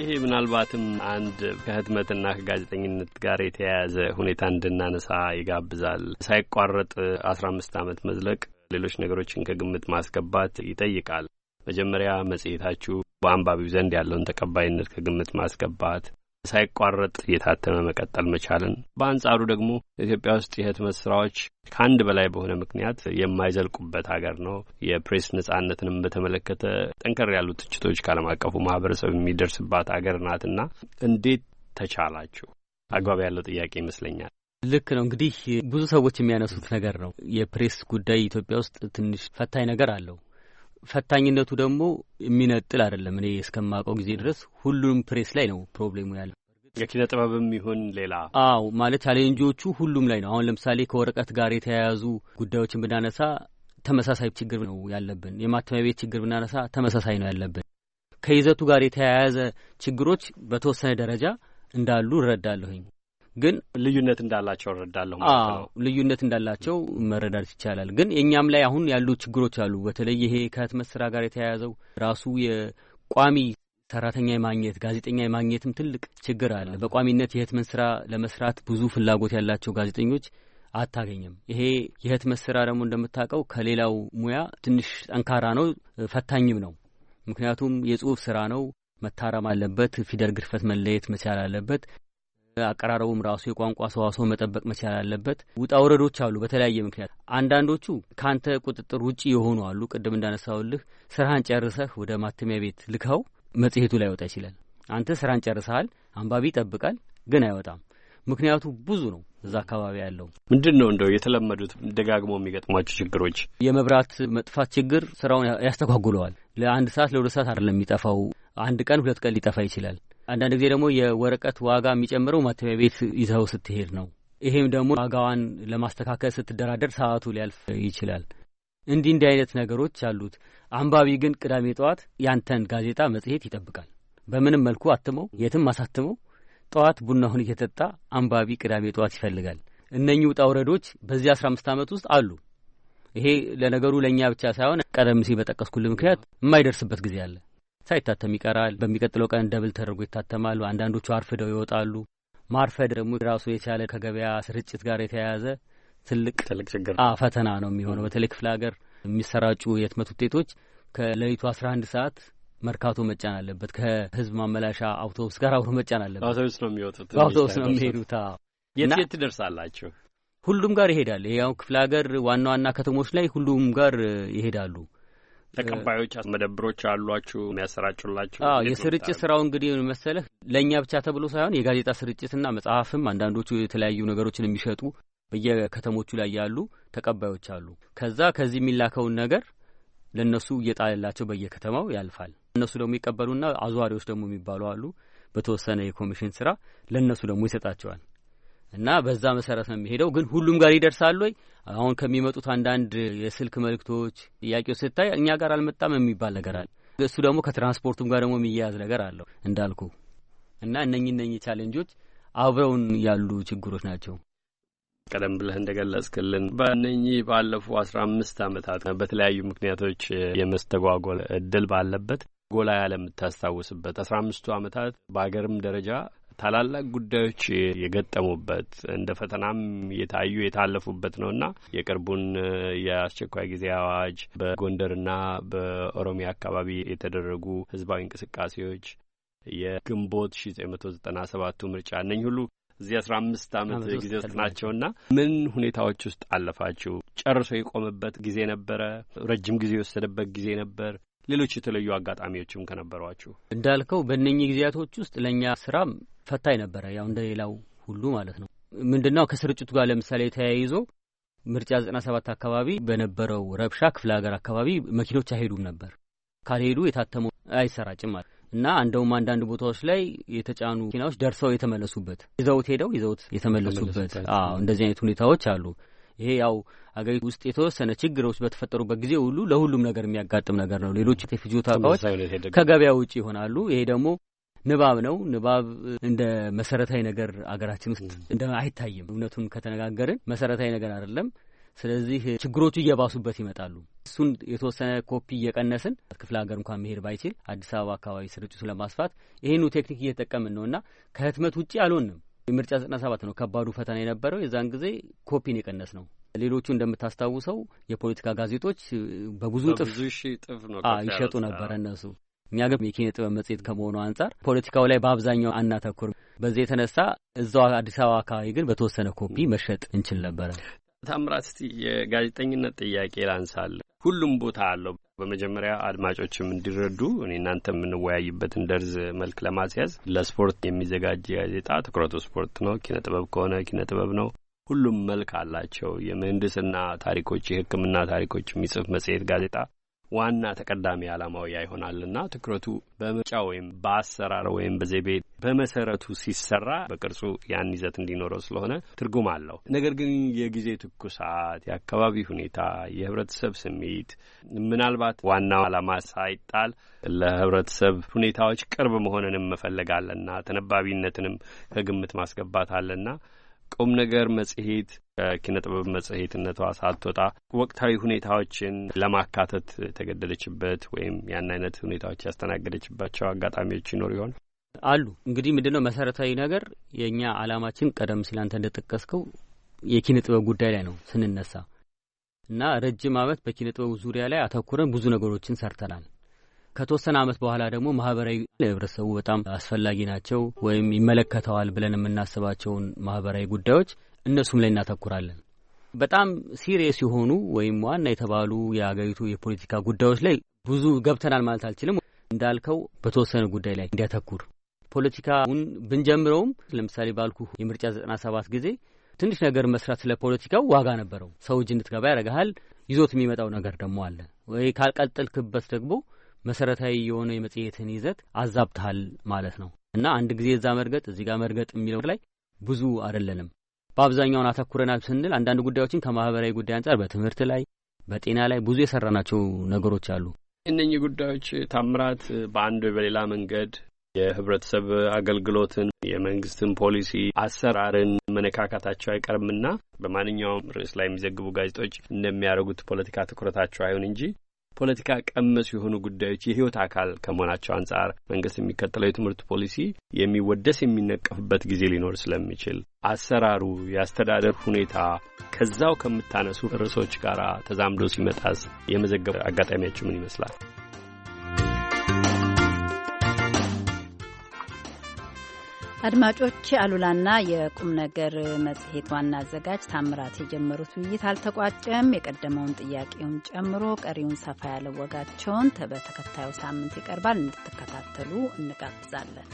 ይሄ ምናልባትም አንድ ከህትመትና ከጋዜጠኝነት ጋር የተያያዘ ሁኔታ እንድናነሳ ይጋብዛል። ሳይቋረጥ አስራ አምስት ዓመት መዝለቅ ሌሎች ነገሮችን ከግምት ማስገባት ይጠይቃል። መጀመሪያ መጽሔታችሁ በአንባቢው ዘንድ ያለውን ተቀባይነት ከግምት ማስገባት፣ ሳይቋረጥ እየታተመ መቀጠል መቻልን፣ በአንጻሩ ደግሞ ኢትዮጵያ ውስጥ የህትመት ስራዎች ከአንድ በላይ በሆነ ምክንያት የማይዘልቁበት ሀገር ነው። የፕሬስ ነጻነትንም በተመለከተ ጠንከር ያሉ ትችቶች ከዓለም አቀፉ ማህበረሰብ የሚደርስባት ሀገር ናትና እንዴት ተቻላችሁ? አግባብ ያለው ጥያቄ ይመስለኛል። ልክ ነው። እንግዲህ ብዙ ሰዎች የሚያነሱት ነገር ነው። የፕሬስ ጉዳይ ኢትዮጵያ ውስጥ ትንሽ ፈታኝ ነገር አለው። ፈታኝነቱ ደግሞ የሚነጥል አይደለም። እኔ እስከማውቀው ጊዜ ድረስ ሁሉም ፕሬስ ላይ ነው ፕሮብሌሙ ያለ የኪነ ጥበብም ይሁን ሌላ አዎ፣ ማለት ቻሌንጆቹ ሁሉም ላይ ነው። አሁን ለምሳሌ ከወረቀት ጋር የተያያዙ ጉዳዮችን ብናነሳ ተመሳሳይ ችግር ነው ያለብን። የማተሚያ ቤት ችግር ብናነሳ ተመሳሳይ ነው ያለብን። ከይዘቱ ጋር የተያያዘ ችግሮች በተወሰነ ደረጃ እንዳሉ እረዳለሁኝ። ግን ልዩነት እንዳላቸው እረዳለሁ። አዎ ልዩነት እንዳላቸው መረዳት ይቻላል። ግን የእኛም ላይ አሁን ያሉ ችግሮች አሉ። በተለይ ይሄ ከህትመት ስራ ጋር የተያያዘው ራሱ የቋሚ ሰራተኛ የማግኘት ጋዜጠኛ የማግኘትም ትልቅ ችግር አለ። በቋሚነት የህትመት ስራ ለመስራት ብዙ ፍላጎት ያላቸው ጋዜጠኞች አታገኝም። ይሄ የህትመት ስራ ደግሞ እንደምታውቀው ከሌላው ሙያ ትንሽ ጠንካራ ነው፣ ፈታኝም ነው። ምክንያቱም የጽሁፍ ስራ ነው፣ መታረም አለበት፣ ፊደል ግድፈት መለየት መቻል አለበት። አቀራረቡም ራሱ የቋንቋ ሰዋስው መጠበቅ መቻል አለበት። ውጣ ውረዶች አሉ። በተለያየ ምክንያት አንዳንዶቹ ከአንተ ቁጥጥር ውጪ የሆኑ አሉ። ቅድም እንዳነሳውልህ ስራህን ጨርሰህ ወደ ማተሚያ ቤት ልከው መጽሔቱ ወጣ ይችላል። አንተ ስራን ጨርሰሃል። አንባቢ ይጠብቃል፣ ግን አይወጣም። ምክንያቱ ብዙ ነው። እዛ አካባቢ ያለው ምንድን ነው? እንደው የተለመዱት ደጋግሞ የሚገጥሟቸው ችግሮች፣ የመብራት መጥፋት ችግር ስራውን ያስተጓጉለዋል። ለአንድ ሰዓት ለሁለት ሰዓት አይደለም የሚጠፋው፣ አንድ ቀን ሁለት ቀን ሊጠፋ ይችላል። አንዳንድ ጊዜ ደግሞ የወረቀት ዋጋ የሚጨምረው ማተሚያ ቤት ይዘው ስትሄድ ነው። ይሄም ደግሞ ዋጋዋን ለማስተካከል ስትደራደር ሰዓቱ ሊያልፍ ይችላል። እንዲህ እንዲህ አይነት ነገሮች አሉት። አንባቢ ግን ቅዳሜ ጠዋት ያንተን ጋዜጣ መጽሔት ይጠብቃል። በምንም መልኩ አትመው የትም አሳትመው ጠዋት ቡናውን እየጠጣ አንባቢ ቅዳሜ ጠዋት ይፈልጋል። እነኚህ ውጣ ውረዶች በዚህ አስራ አምስት ዓመት ውስጥ አሉ። ይሄ ለነገሩ ለእኛ ብቻ ሳይሆን ቀደም ሲል በጠቀስኩል ምክንያት የማይደርስበት ጊዜ አለ። ሳይታተም ይቀራል። በሚቀጥለው ቀን ደብል ተደርጎ ይታተማሉ። አንዳንዶቹ አርፍደው ይወጣሉ። ማርፈድ ደግሞ ራሱ የቻለ ከገበያ ስርጭት ጋር የተያያዘ ትልቅ ትልቅ ችግር ፈተና ነው የሚሆነው። በተለይ ክፍለ ሀገር የሚሰራጩ የህትመት ውጤቶች ከሌሊቱ አስራ አንድ ሰዓት መርካቶ መጫን አለበት። ከህዝብ ማመላሻ አውቶቡስ ጋር አብሮ መጫን አለበት። አውቶቡስ ነው የሚወጡት፣ አውቶቡስ ነው የሚሄዱት። የት የት ትደርሳላችሁ? ሁሉም ጋር ይሄዳል። ያው ክፍለ ሀገር ዋና ዋና ከተሞች ላይ ሁሉም ጋር ይሄዳሉ። ተቀባዮች መደብሮች አሏችሁ የሚያሰራጩላችሁ? አዎ የስርጭት ስራው እንግዲህ መሰለህ ለእኛ ብቻ ተብሎ ሳይሆን የጋዜጣ ስርጭትና መጽሐፍም አንዳንዶቹ የተለያዩ ነገሮችን የሚሸጡ በየከተሞቹ ላይ ያሉ ተቀባዮች አሉ። ከዛ ከዚህ የሚላከውን ነገር ለእነሱ እየጣለላቸው በየከተማው ያልፋል። እነሱ ደግሞ ይቀበሉና አዟሪዎች ደግሞ የሚባሉ አሉ። በተወሰነ የኮሚሽን ስራ ለእነሱ ደግሞ ይሰጣቸዋል። እና በዛ መሰረት ነው የሚሄደው። ግን ሁሉም ጋር ይደርሳል ወይ? አሁን ከሚመጡት አንዳንድ የስልክ መልእክቶች ጥያቄዎች ስታይ እኛ ጋር አልመጣም የሚባል ነገር አለ። እሱ ደግሞ ከትራንስፖርቱም ጋር ደግሞ የሚያያዝ ነገር አለው እንዳልኩ እና እነኚህ እነኚህ ቻሌንጆች አብረውን ያሉ ችግሮች ናቸው። ቀደም ብለህ እንደገለጽክልን በእነኚህ ባለፉ አስራ አምስት ዓመታት በተለያዩ ምክንያቶች የመስተጓጎል እድል ባለበት ጎላ ያለ የምታስታውስበት አስራ አምስቱ ዓመታት በሀገርም ደረጃ ታላላቅ ጉዳዮች የገጠሙበት እንደ ፈተናም የታዩ የታለፉበት ነውና የቅርቡን የአስቸኳይ ጊዜ አዋጅ በጎንደርና በኦሮሚያ አካባቢ የተደረጉ ህዝባዊ እንቅስቃሴዎች፣ የግንቦት ዘጠና ሰባቱ ምርጫ እነኝ ሁሉ እዚህ አስራ አምስት አመት ጊዜ ውስጥ ናቸውና ምን ሁኔታዎች ውስጥ አለፋችሁ? ጨርሶ የቆመበት ጊዜ ነበረ። ረጅም ጊዜ የወሰደበት ጊዜ ነበር። ሌሎች የተለዩ አጋጣሚዎችም ከነበሯችሁ እንዳልከው በእነኚህ ጊዜያቶች ውስጥ ለእኛ ስራም ፈታኝ ነበረ፣ ያው እንደሌላው ሁሉ ማለት ነው። ምንድነው ከስርጭቱ ጋር ለምሳሌ ተያይዞ ምርጫ 97 አካባቢ በነበረው ረብሻ ክፍለ ሀገር አካባቢ መኪኖች አይሄዱም ነበር። ካልሄዱ የታተመው አይሰራጭም ማለት እና እንደውም አንዳንድ ቦታዎች ላይ የተጫኑ መኪናዎች ደርሰው የተመለሱበት ይዘውት ሄደው ይዘውት የተመለሱበት እንደዚህ አይነት ሁኔታዎች አሉ። ይሄ ያው አገሪቱ ውስጥ የተወሰነ ችግሮች በተፈጠሩበት ጊዜ ሁሉ ለሁሉም ነገር የሚያጋጥም ነገር ነው። ሌሎች የፍጆታ እቃዎች ከገበያ ውጭ ይሆናሉ። ይሄ ደግሞ ንባብ ነው። ንባብ እንደ መሰረታዊ ነገር አገራችን ውስጥ እንደ አይታይም። እውነቱን ከተነጋገርን መሰረታዊ ነገር አይደለም። ስለዚህ ችግሮቹ እየባሱበት ይመጣሉ። እሱን የተወሰነ ኮፒ እየቀነስን ክፍለ ሀገር እንኳን መሄድ ባይችል አዲስ አበባ አካባቢ ስርጭቱ ለማስፋት ይህኑ ቴክኒክ እየተጠቀምን ነው እና ከህትመት ውጭ አልሆንም። የምርጫ ዘጠና ሰባት ነው ከባዱ ፈተና የነበረው። የዛን ጊዜ ኮፒን የቀነስ ነው። ሌሎቹ እንደምታስታውሰው የፖለቲካ ጋዜጦች በብዙ ጥፍ ይሸጡ ነበረ እነሱ እኛ የኪነ ጥበብ መጽሄት ከመሆኑ አንጻር ፖለቲካው ላይ በአብዛኛው አናተኩር። በዚህ የተነሳ እዛው አዲስ አበባ አካባቢ ግን በተወሰነ ኮፒ መሸጥ እንችል ነበረ። ታምራት፣ እስቲ የጋዜጠኝነት ጥያቄ ላንሳለ። ሁሉም ቦታ አለው። በመጀመሪያ አድማጮችም እንዲረዱ እኔ እናንተ የምንወያይበትን ደርዝ መልክ ለማስያዝ ለስፖርት የሚዘጋጅ ጋዜጣ ትኩረቱ ስፖርት ነው። ኪነ ጥበብ ከሆነ ኪነ ጥበብ ነው። ሁሉም መልክ አላቸው። የምህንድስና ታሪኮች፣ የሕክምና ታሪኮች የሚጽፍ መጽሔት ጋዜጣ ዋና ተቀዳሚ ዓላማው ያ ይሆናልና ትኩረቱ በምርጫ ወይም በአሰራር ወይም በዘቤ በመሰረቱ ሲሰራ በቅርጹ ያን ይዘት እንዲኖረው ስለሆነ ትርጉም አለው። ነገር ግን የጊዜ ትኩሳት፣ የአካባቢ ሁኔታ፣ የህብረተሰብ ስሜት ምናልባት ዋናው ዓላማ ሳይጣል ለህብረተሰብ ሁኔታዎች ቅርብ መሆንንም መፈለግ አለና ተነባቢነትንም ከግምት ማስገባት አለና ቁም ነገር መጽሔት ከኪነ ጥበብ መጽሔትነቷ ሳትወጣ ወቅታዊ ሁኔታዎችን ለማካተት የተገደደችበት ወይም ያን አይነት ሁኔታዎች ያስተናገደችባቸው አጋጣሚዎች ይኖር ይሆን? አሉ። እንግዲህ ምንድነው መሰረታዊ ነገር የእኛ አላማችን ቀደም ሲል አንተ እንደጠቀስከው የኪነ ጥበብ ጉዳይ ላይ ነው ስንነሳ እና ረጅም ዓመት በኪነ ጥበቡ ዙሪያ ላይ አተኩረን ብዙ ነገሮችን ሰርተናል። ከተወሰነ ዓመት በኋላ ደግሞ ማህበራዊ ለህብረተሰቡ በጣም አስፈላጊ ናቸው ወይም ይመለከተዋል ብለን የምናስባቸውን ማህበራዊ ጉዳዮች እነሱም ላይ እናተኩራለን። በጣም ሲሪየስ የሆኑ ወይም ዋና የተባሉ የአገሪቱ የፖለቲካ ጉዳዮች ላይ ብዙ ገብተናል ማለት አልችልም። እንዳልከው በተወሰነ ጉዳይ ላይ እንዲያተኩር ፖለቲካውን ብንጀምረውም ለምሳሌ ባልኩ የምርጫ ዘጠና ሰባት ጊዜ ትንሽ ነገር መስራት ስለ ፖለቲካው ዋጋ ነበረው። ሰው እጅ እንድትገባ ያደርግሃል። ይዞት የሚመጣው ነገር ደግሞ አለ ወይ ካልቀጠልክበት ደግሞ መሰረታዊ የሆነ የመጽሔትን ይዘት አዛብተሃል ማለት ነው እና አንድ ጊዜ እዛ መርገጥ እዚህ ጋር መርገጥ የሚለው ላይ ብዙ አይደለንም። በአብዛኛውን አተኩረናል ስንል አንዳንድ ጉዳዮችን ከማህበራዊ ጉዳይ አንጻር በትምህርት ላይ በጤና ላይ ብዙ የሰራናቸው ነገሮች አሉ። እነኚህ ጉዳዮች ታምራት በአንድ ወይ በሌላ መንገድ የህብረተሰብ አገልግሎትን የመንግስትን ፖሊሲ አሰራርን መነካካታቸው አይቀርምና በማንኛውም ርዕስ ላይ የሚዘግቡ ጋዜጦች እንደሚያደርጉት ፖለቲካ ትኩረታቸው አይሁን እንጂ ፖለቲካ ቀመስ የሆኑ ጉዳዮች የህይወት አካል ከመሆናቸው አንጻር መንግስት የሚከተለው የትምህርት ፖሊሲ የሚወደስ የሚነቀፍበት ጊዜ ሊኖር ስለሚችል አሰራሩ፣ የአስተዳደር ሁኔታ ከዛው ከምታነሱ ርዕሶች ጋር ተዛምዶ ሲመጣስ የመዘገብ አጋጣሚያችሁ ምን ይመስላል? አድማጮች አሉላና የቁም ነገር መጽሔት ዋና አዘጋጅ ታምራት የጀመሩት ውይይት አልተቋጨም። የቀደመውን ጥያቄውን ጨምሮ ቀሪውን ሰፋ ያለ ወጋቸውን በተከታዩ ሳምንት ይቀርባል። እንድትከታተሉ እንጋብዛለን።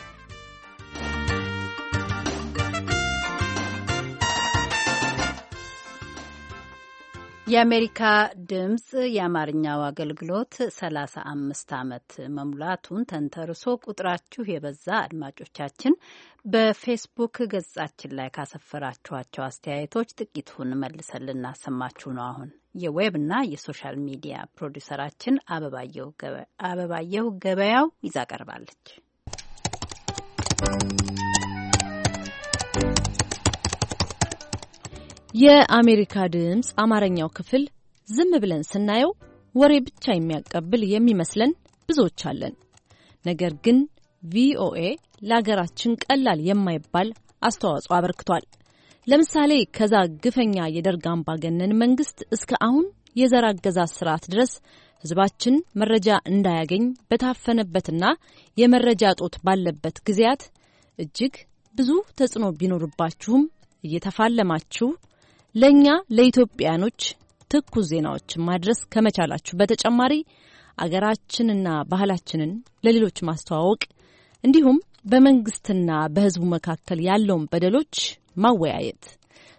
የአሜሪካ ድምፅ የአማርኛው አገልግሎት ሰላሳ አምስት ዓመት መሙላቱን ተንተርሶ ቁጥራችሁ የበዛ አድማጮቻችን በፌስቡክ ገጻችን ላይ ካሰፈራችኋቸው አስተያየቶች ጥቂቱን መልሰን ልናሰማችሁ ነው። አሁን የዌብና የሶሻል ሚዲያ ፕሮዲውሰራችን አበባየሁ ገበያው ይዛ ቀርባለች። የአሜሪካ ድምፅ አማርኛው ክፍል ዝም ብለን ስናየው ወሬ ብቻ የሚያቀብል የሚመስለን ብዙዎች አለን። ነገር ግን ቪኦኤ ለሀገራችን ቀላል የማይባል አስተዋጽኦ አበርክቷል። ለምሳሌ ከዛ ግፈኛ የደርግ አምባገነን መንግስት እስከ አሁን የዘር አገዛዝ ስርዓት ድረስ ህዝባችን መረጃ እንዳያገኝ በታፈነበትና የመረጃ ጦት ባለበት ጊዜያት እጅግ ብዙ ተጽዕኖ ቢኖርባችሁም እየተፋለማችሁ ለእኛ ለኢትዮጵያኖች ትኩስ ዜናዎችን ማድረስ ከመቻላችሁ በተጨማሪ አገራችንና ባህላችንን ለሌሎች ማስተዋወቅ እንዲሁም በመንግስትና በሕዝቡ መካከል ያለውን በደሎች ማወያየት፣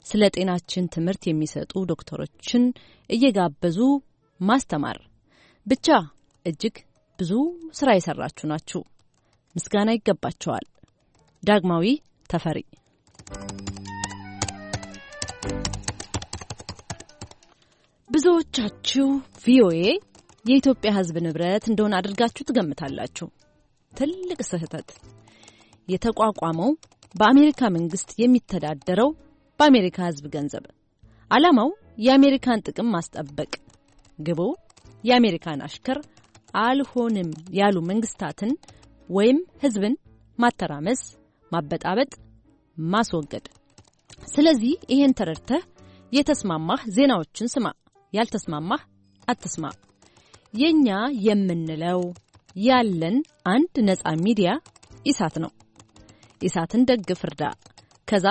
ስለ ጤናችን ትምህርት የሚሰጡ ዶክተሮችን እየጋበዙ ማስተማር ብቻ እጅግ ብዙ ስራ የሰራችሁ ናችሁ። ምስጋና ይገባቸዋል። ዳግማዊ ተፈሪ ብዙዎቻችሁ ቪኦኤ የኢትዮጵያ ሕዝብ ንብረት እንደሆነ አድርጋችሁ ትገምታላችሁ። ትልቅ ስህተት። የተቋቋመው በአሜሪካ መንግስት የሚተዳደረው በአሜሪካ ሕዝብ ገንዘብ፣ ዓላማው የአሜሪካን ጥቅም ማስጠበቅ፣ ግቡ የአሜሪካን አሽከር አልሆንም ያሉ መንግስታትን ወይም ሕዝብን ማተራመስ፣ ማበጣበጥ፣ ማስወገድ። ስለዚህ ይሄን ተረድተህ የተስማማህ ዜናዎችን ስማ። ያልተስማማህ አትስማ። የኛ የምንለው ያለን አንድ ነፃ ሚዲያ ኢሳት ነው። ኢሳትን ደግፍ፣ እርዳ፣ ከዛ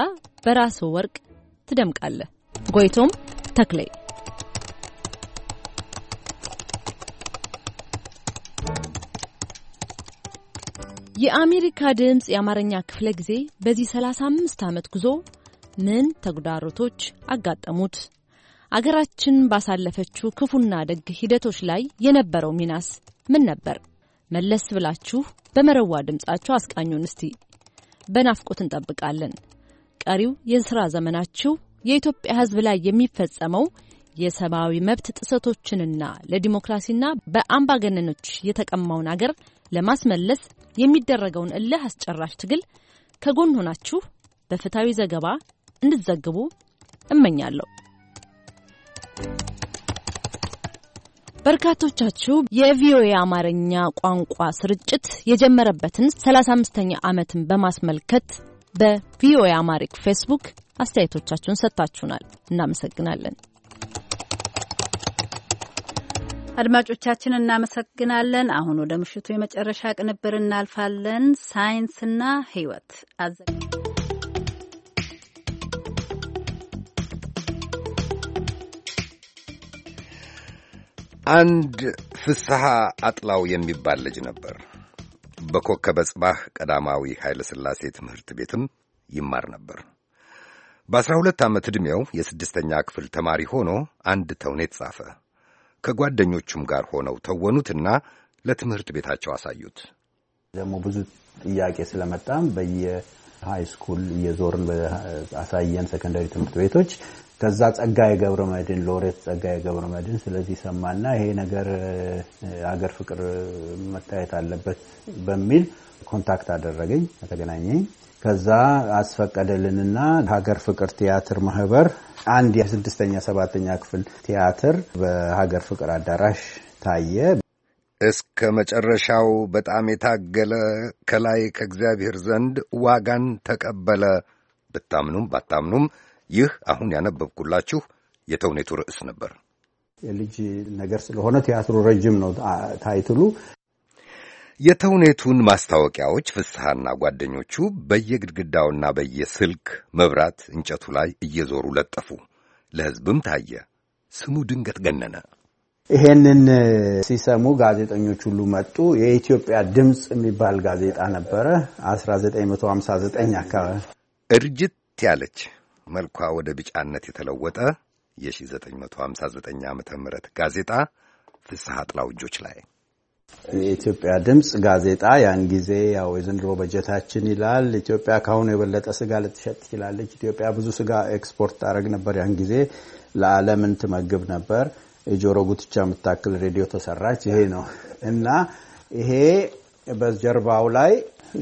በራስ ወርቅ ትደምቃለህ። ጎይቶም ተክለይ የአሜሪካ ድምፅ የአማርኛ ክፍለ ጊዜ በዚህ 35 ዓመት ጉዞ ምን ተግዳሮቶች አጋጠሙት? አገራችን ባሳለፈችው ክፉና ደግ ሂደቶች ላይ የነበረው ሚናስ ምን ነበር? መለስ ብላችሁ በመረዋ ድምጻችሁ አስቃኙን። እስቲ በናፍቆት እንጠብቃለን። ቀሪው የስራ ዘመናችሁ የኢትዮጵያ ሕዝብ ላይ የሚፈጸመው የሰብአዊ መብት ጥሰቶችንና ለዲሞክራሲና በአምባገነኖች የተቀማውን አገር ለማስመለስ የሚደረገውን እልህ አስጨራሽ ትግል ከጎን ሆናችሁ በፍትሐዊ ዘገባ እንድትዘግቡ እመኛለሁ። በርካቶቻችሁ የቪኦኤ አማርኛ ቋንቋ ስርጭት የጀመረበትን 35ኛ ዓመትን በማስመልከት በቪኦኤ አማሪክ ፌስቡክ አስተያየቶቻችሁን ሰጥታችሁናል። እናመሰግናለን። አድማጮቻችን እናመሰግናለን። አሁን ወደ ምሽቱ የመጨረሻ ቅንብር እናልፋለን። ሳይንስና ሕይወት አዘጋጅ አንድ ፍስሐ አጥላው የሚባል ልጅ ነበር። በኮከበ ጽባህ ቀዳማዊ ኃይለ ሥላሴ ትምህርት ቤትም ይማር ነበር። በአስራ ሁለት ዓመት ዕድሜው የስድስተኛ ክፍል ተማሪ ሆኖ አንድ ተውኔት ጻፈ። ከጓደኞቹም ጋር ሆነው ተወኑትና ለትምህርት ቤታቸው አሳዩት። ደግሞ ብዙ ጥያቄ ስለመጣም በየ ሃይ ስኩል እየዞርን አሳየን። ሰከንዳሪ ትምህርት ቤቶች ከዛ ጸጋዬ ገብረ መድን ሎሬት ጸጋዬ ገብረ መድን ስለዚህ ሰማና ይሄ ነገር አገር ፍቅር መታየት አለበት በሚል ኮንታክት አደረገኝ፣ ተገናኘኝ። ከዛ አስፈቀደልንና ሀገር ፍቅር ቲያትር ማህበር አንድ የስድስተኛ ሰባተኛ ክፍል ቲያትር በሀገር ፍቅር አዳራሽ ታየ። እስከ መጨረሻው በጣም የታገለ ከላይ ከእግዚአብሔር ዘንድ ዋጋን ተቀበለ። ብታምኑም ባታምኑም ይህ አሁን ያነበብኩላችሁ የተውኔቱ ርዕስ ነበር። የልጅ ነገር ስለሆነ ቲያትሩ ረጅም ነው ታይትሉ። የተውኔቱን ማስታወቂያዎች ፍስሐና ጓደኞቹ በየግድግዳውና በየስልክ መብራት እንጨቱ ላይ እየዞሩ ለጠፉ። ለሕዝብም ታየ። ስሙ ድንገት ገነነ። ይሄንን ሲሰሙ ጋዜጠኞች ሁሉ መጡ። የኢትዮጵያ ድምፅ የሚባል ጋዜጣ ነበረ 1959 አካባቢ እርጅት ያለች መልኳ ወደ ቢጫነት የተለወጠ የ1959 ዓ ም ጋዜጣ ፍስሐ ጥላው እጆች ላይ የኢትዮጵያ ድምፅ ጋዜጣ ያን ጊዜ ያው የዘንድሮ በጀታችን ይላል ኢትዮጵያ ካሁኑ የበለጠ ስጋ ልትሸጥ ትችላለች። ኢትዮጵያ ብዙ ስጋ ኤክስፖርት ታደረግ ነበር። ያን ጊዜ ለዓለምን ትመግብ ነበር። የጆሮ ጉትቻ የምታክል ሬዲዮ ተሰራች። ይሄ ነው እና ይሄ በጀርባው ላይ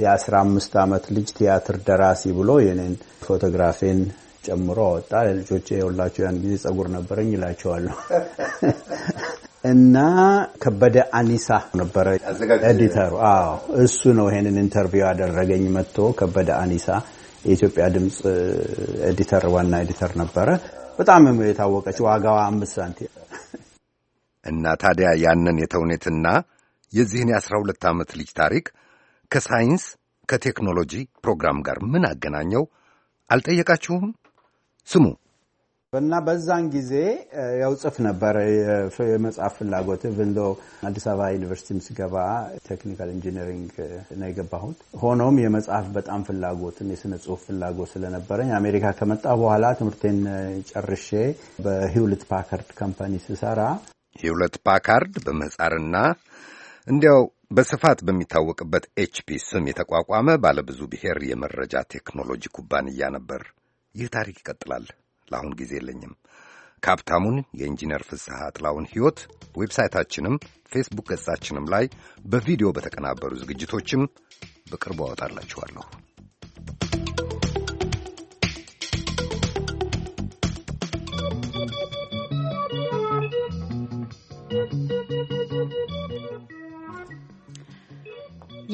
የ15 ዓመት ልጅ ቲያትር ደራሲ ብሎ የኔን ፎቶግራፌን ጨምሮ አወጣ። ለልጆቼ የወላቸው ያን ጊዜ ጸጉር ነበረኝ ይላቸዋለሁ። እና ከበደ አኒሳ ነበረ ኤዲተሩ። አዎ እሱ ነው ይሄንን ኢንተርቪው ያደረገኝ መጥቶ። ከበደ አኒሳ የኢትዮጵያ ድምፅ ኤዲተር፣ ዋና ኤዲተር ነበረ። በጣም የታወቀች ዋጋዋ አምስት ሳንቲም እና ታዲያ ያንን የተውኔትና የዚህን የአስራ ሁለት ዓመት ልጅ ታሪክ ከሳይንስ ከቴክኖሎጂ ፕሮግራም ጋር ምን አገናኘው? አልጠየቃችሁም? ስሙ እና በዛን ጊዜ ያው ጽፍ ነበረ የመጽሐፍ ፍላጎት ብንዶ አዲስ አበባ ዩኒቨርሲቲም ስገባ ቴክኒካል ኢንጂነሪንግ ነው የገባሁት። ሆኖም የመጽሐፍ በጣም ፍላጎትን የስነ ጽሁፍ ፍላጎት ስለነበረኝ አሜሪካ ከመጣ በኋላ ትምህርቴን ጨርሼ በሂውልት ፓካርድ ካምፓኒ ስሰራ ሂውለት ፓካርድ በምህጻርና እንዲያው በስፋት በሚታወቅበት ኤችፒ ስም የተቋቋመ ባለብዙ ብሔር የመረጃ ቴክኖሎጂ ኩባንያ ነበር። ይህ ታሪክ ይቀጥላል። ለአሁን ጊዜ የለኝም። ካፕታሙን የኢንጂነር ፍስሐ አጥላውን ሕይወት ዌብሳይታችንም ፌስቡክ ገጻችንም ላይ በቪዲዮ በተቀናበሩ ዝግጅቶችም በቅርቡ አወጣላችኋለሁ።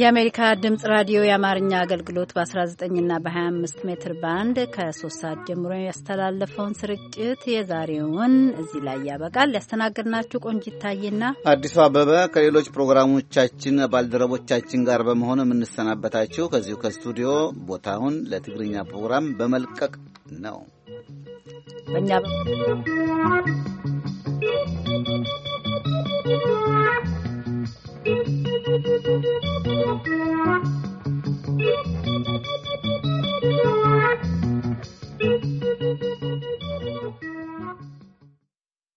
የአሜሪካ ድምፅ ራዲዮ የአማርኛ አገልግሎት በ19ና በ25 ሜትር ባንድ ከ3 ሰዓት ጀምሮ ያስተላለፈውን ስርጭት የዛሬውን እዚህ ላይ ያበቃል። ያስተናገድናችሁ ቆንጅ ይታይና አዲሱ አበበ ከሌሎች ፕሮግራሞቻችን ባልደረቦቻችን ጋር በመሆን የምንሰናበታችሁ ከዚሁ ከስቱዲዮ ቦታውን ለትግርኛ ፕሮግራም በመልቀቅ ነው። በእኛ Thank you.